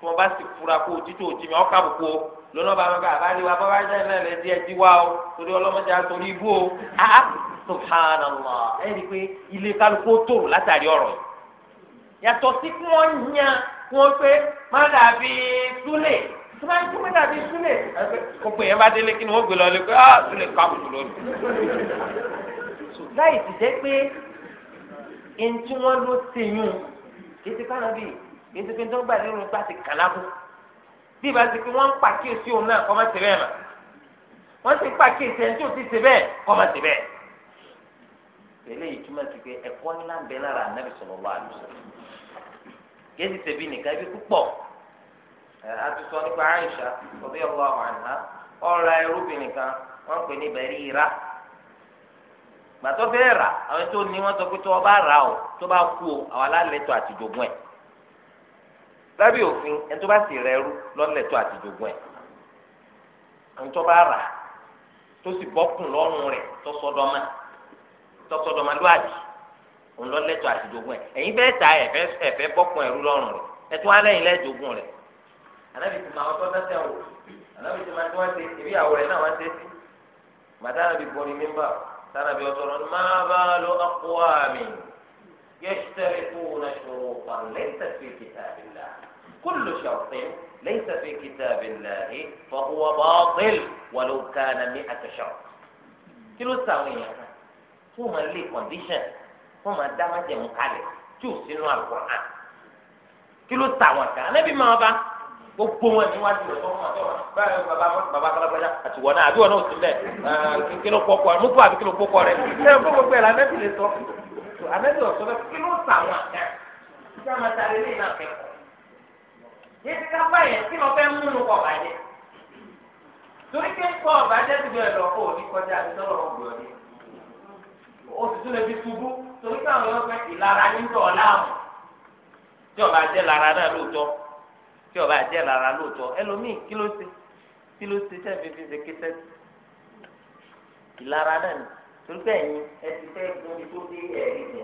tí wọ́n bá sì fura kó ojú tó ojú mi ọkà bùkú o lọ́nà bá wọn kà àbáyé wa bá wá jẹ́ náà lẹ́ díẹ̀ jí wá o torí ọlọ́mọdé àtòrí ibú o ah, ah subhanallah ẹ rí i pé ilé kálukú tòrò látàrí ọ̀rọ̀ yìí yàtọ̀ sí kí wọ́n yan kí wọ́n pé má dàbí súlẹ̀ tí wọ́n ti má dàbí súlẹ̀ kó pè yẹn bá délé kí ni wọ́n gbé lọ lé pé ah súlẹ̀ káàbùkù lónìí láì ti jẹ́ pé ẹni tí wọ́n ló ṣe yún kí ti kánà bíi kì í ti pé tó gbà nínú ipa ti kàlábù bí ìbá ti pé wọ́n ń pàkíyèsí òun náà kọ́ má ti bẹ́ẹ̀ mà wọ́n ti ń pàkíyèsí ẹni tí ò ti ṣe bẹ́ẹ̀ kọ́ má ti bẹ́ẹ̀. pẹ̀lẹ́ yìí túmọ̀ sí pé ẹ̀kọ́ ńlá ń bẹ lára ànábì sọ̀rọ̀ lọ́wọ́ àlùsọ̀ kì í ti tẹ̀bi nìkan ibi púpọ̀ àtúntò nípa Aisha ọbẹ̀ ọlọ́ ọ̀ra ẹrúbìnrin gbàtọ́ fẹ́ rà àwọn tó ní wọ́n sọ pé tó bá rà ó tó bá kú ó àwọn alálẹ́tọ̀ àtijọ́ gbọ́n ẹ̀ lábẹ́ òfin ẹni tó bá sì rẹ ẹrú lọ́lẹ̀ tó àti jogún ẹ̀ ẹni tó bá rà tó sì bọ́kùn lọ́rùn rẹ̀ tó sọdọ́mà tó sọdọ́mà lóàdì òun lọ́lẹ̀ tó àti jogún ẹ̀ ẹ̀yin fẹ́ ta ẹ̀fẹ́ ẹ̀fẹ́ bọ́kùn ẹrú lọ́rùn rẹ̀ ẹ̀tún alẹ́yìn lẹ́ẹ̀dógún rẹ̀ anábì ti máa tọ́ sẹ́sẹ̀ wò anábì ti máa tí wọ́n ṣe ìbí àwọ̀ rẹ̀ náà wọ́n ṣe sí màdánà bí bọ́ni mímbà sánà bí ọ̀sọ̀rọ̀ máa bá lọ ọkọ̀ àmì yẹ́sítẹ́rì fún náà ṣòro pàlẹ́sẹ̀ fi kìtàbí láà. كل شرط ليس في كتاب الله فهو باطل ولو كان مئة شرط كل kí ló sa àwọn èèyàn kan tí wọn máa lé condition wọn máa dá májẹ̀mú kalẹ̀ tí ò sínú àlùkòrán kí ló sa àwọn kan anábì máa bá gbogbo wọn níwájú rẹ fọwọ́n máa tọ̀wọ́ báyọ̀ bàbá bàbá kálágbájá àti wọn náà àbí wọn náà ò sí bẹ́ẹ̀ kí ló kọ́kọ́ rẹ mọ́tò àbí kí ló kọ́kọ́ rẹ ṣé o gbogbo ẹ̀ lànàbì lè sọ ànàbì ọ̀sọ́ bẹ́ẹ̀ kí ló sa àwọn kan kí wọn máa ta ilé náà kẹ́kọ̀ọ́ yéésì ká bá yẹn tí mo fẹ́ mú nu kọ̀ bàjẹ́ torí pé kọ̀ bàjẹ́ ti bẹ̀rẹ̀ lọ kó o ní kọjá àti sọ̀rọ̀ ọ̀gbìn ọ̀dẹ́ o sì tún lè fi ṣubú torí pé àwọn ọ̀fẹ́ ìlara nílò ọ̀làmù tí ọba jẹ́ lara náà lóòótọ́ tí ọba jẹ́ lara lóòótọ́ ẹlòmíì kí ló ṣe kí ló ṣe sẹ́ẹ̀fì fi ṣe kéṣẹ́ ìlara náà ni torí pé ẹ̀yin ẹ ti fẹ́ gbọ́n tó dé ẹ̀rí jẹ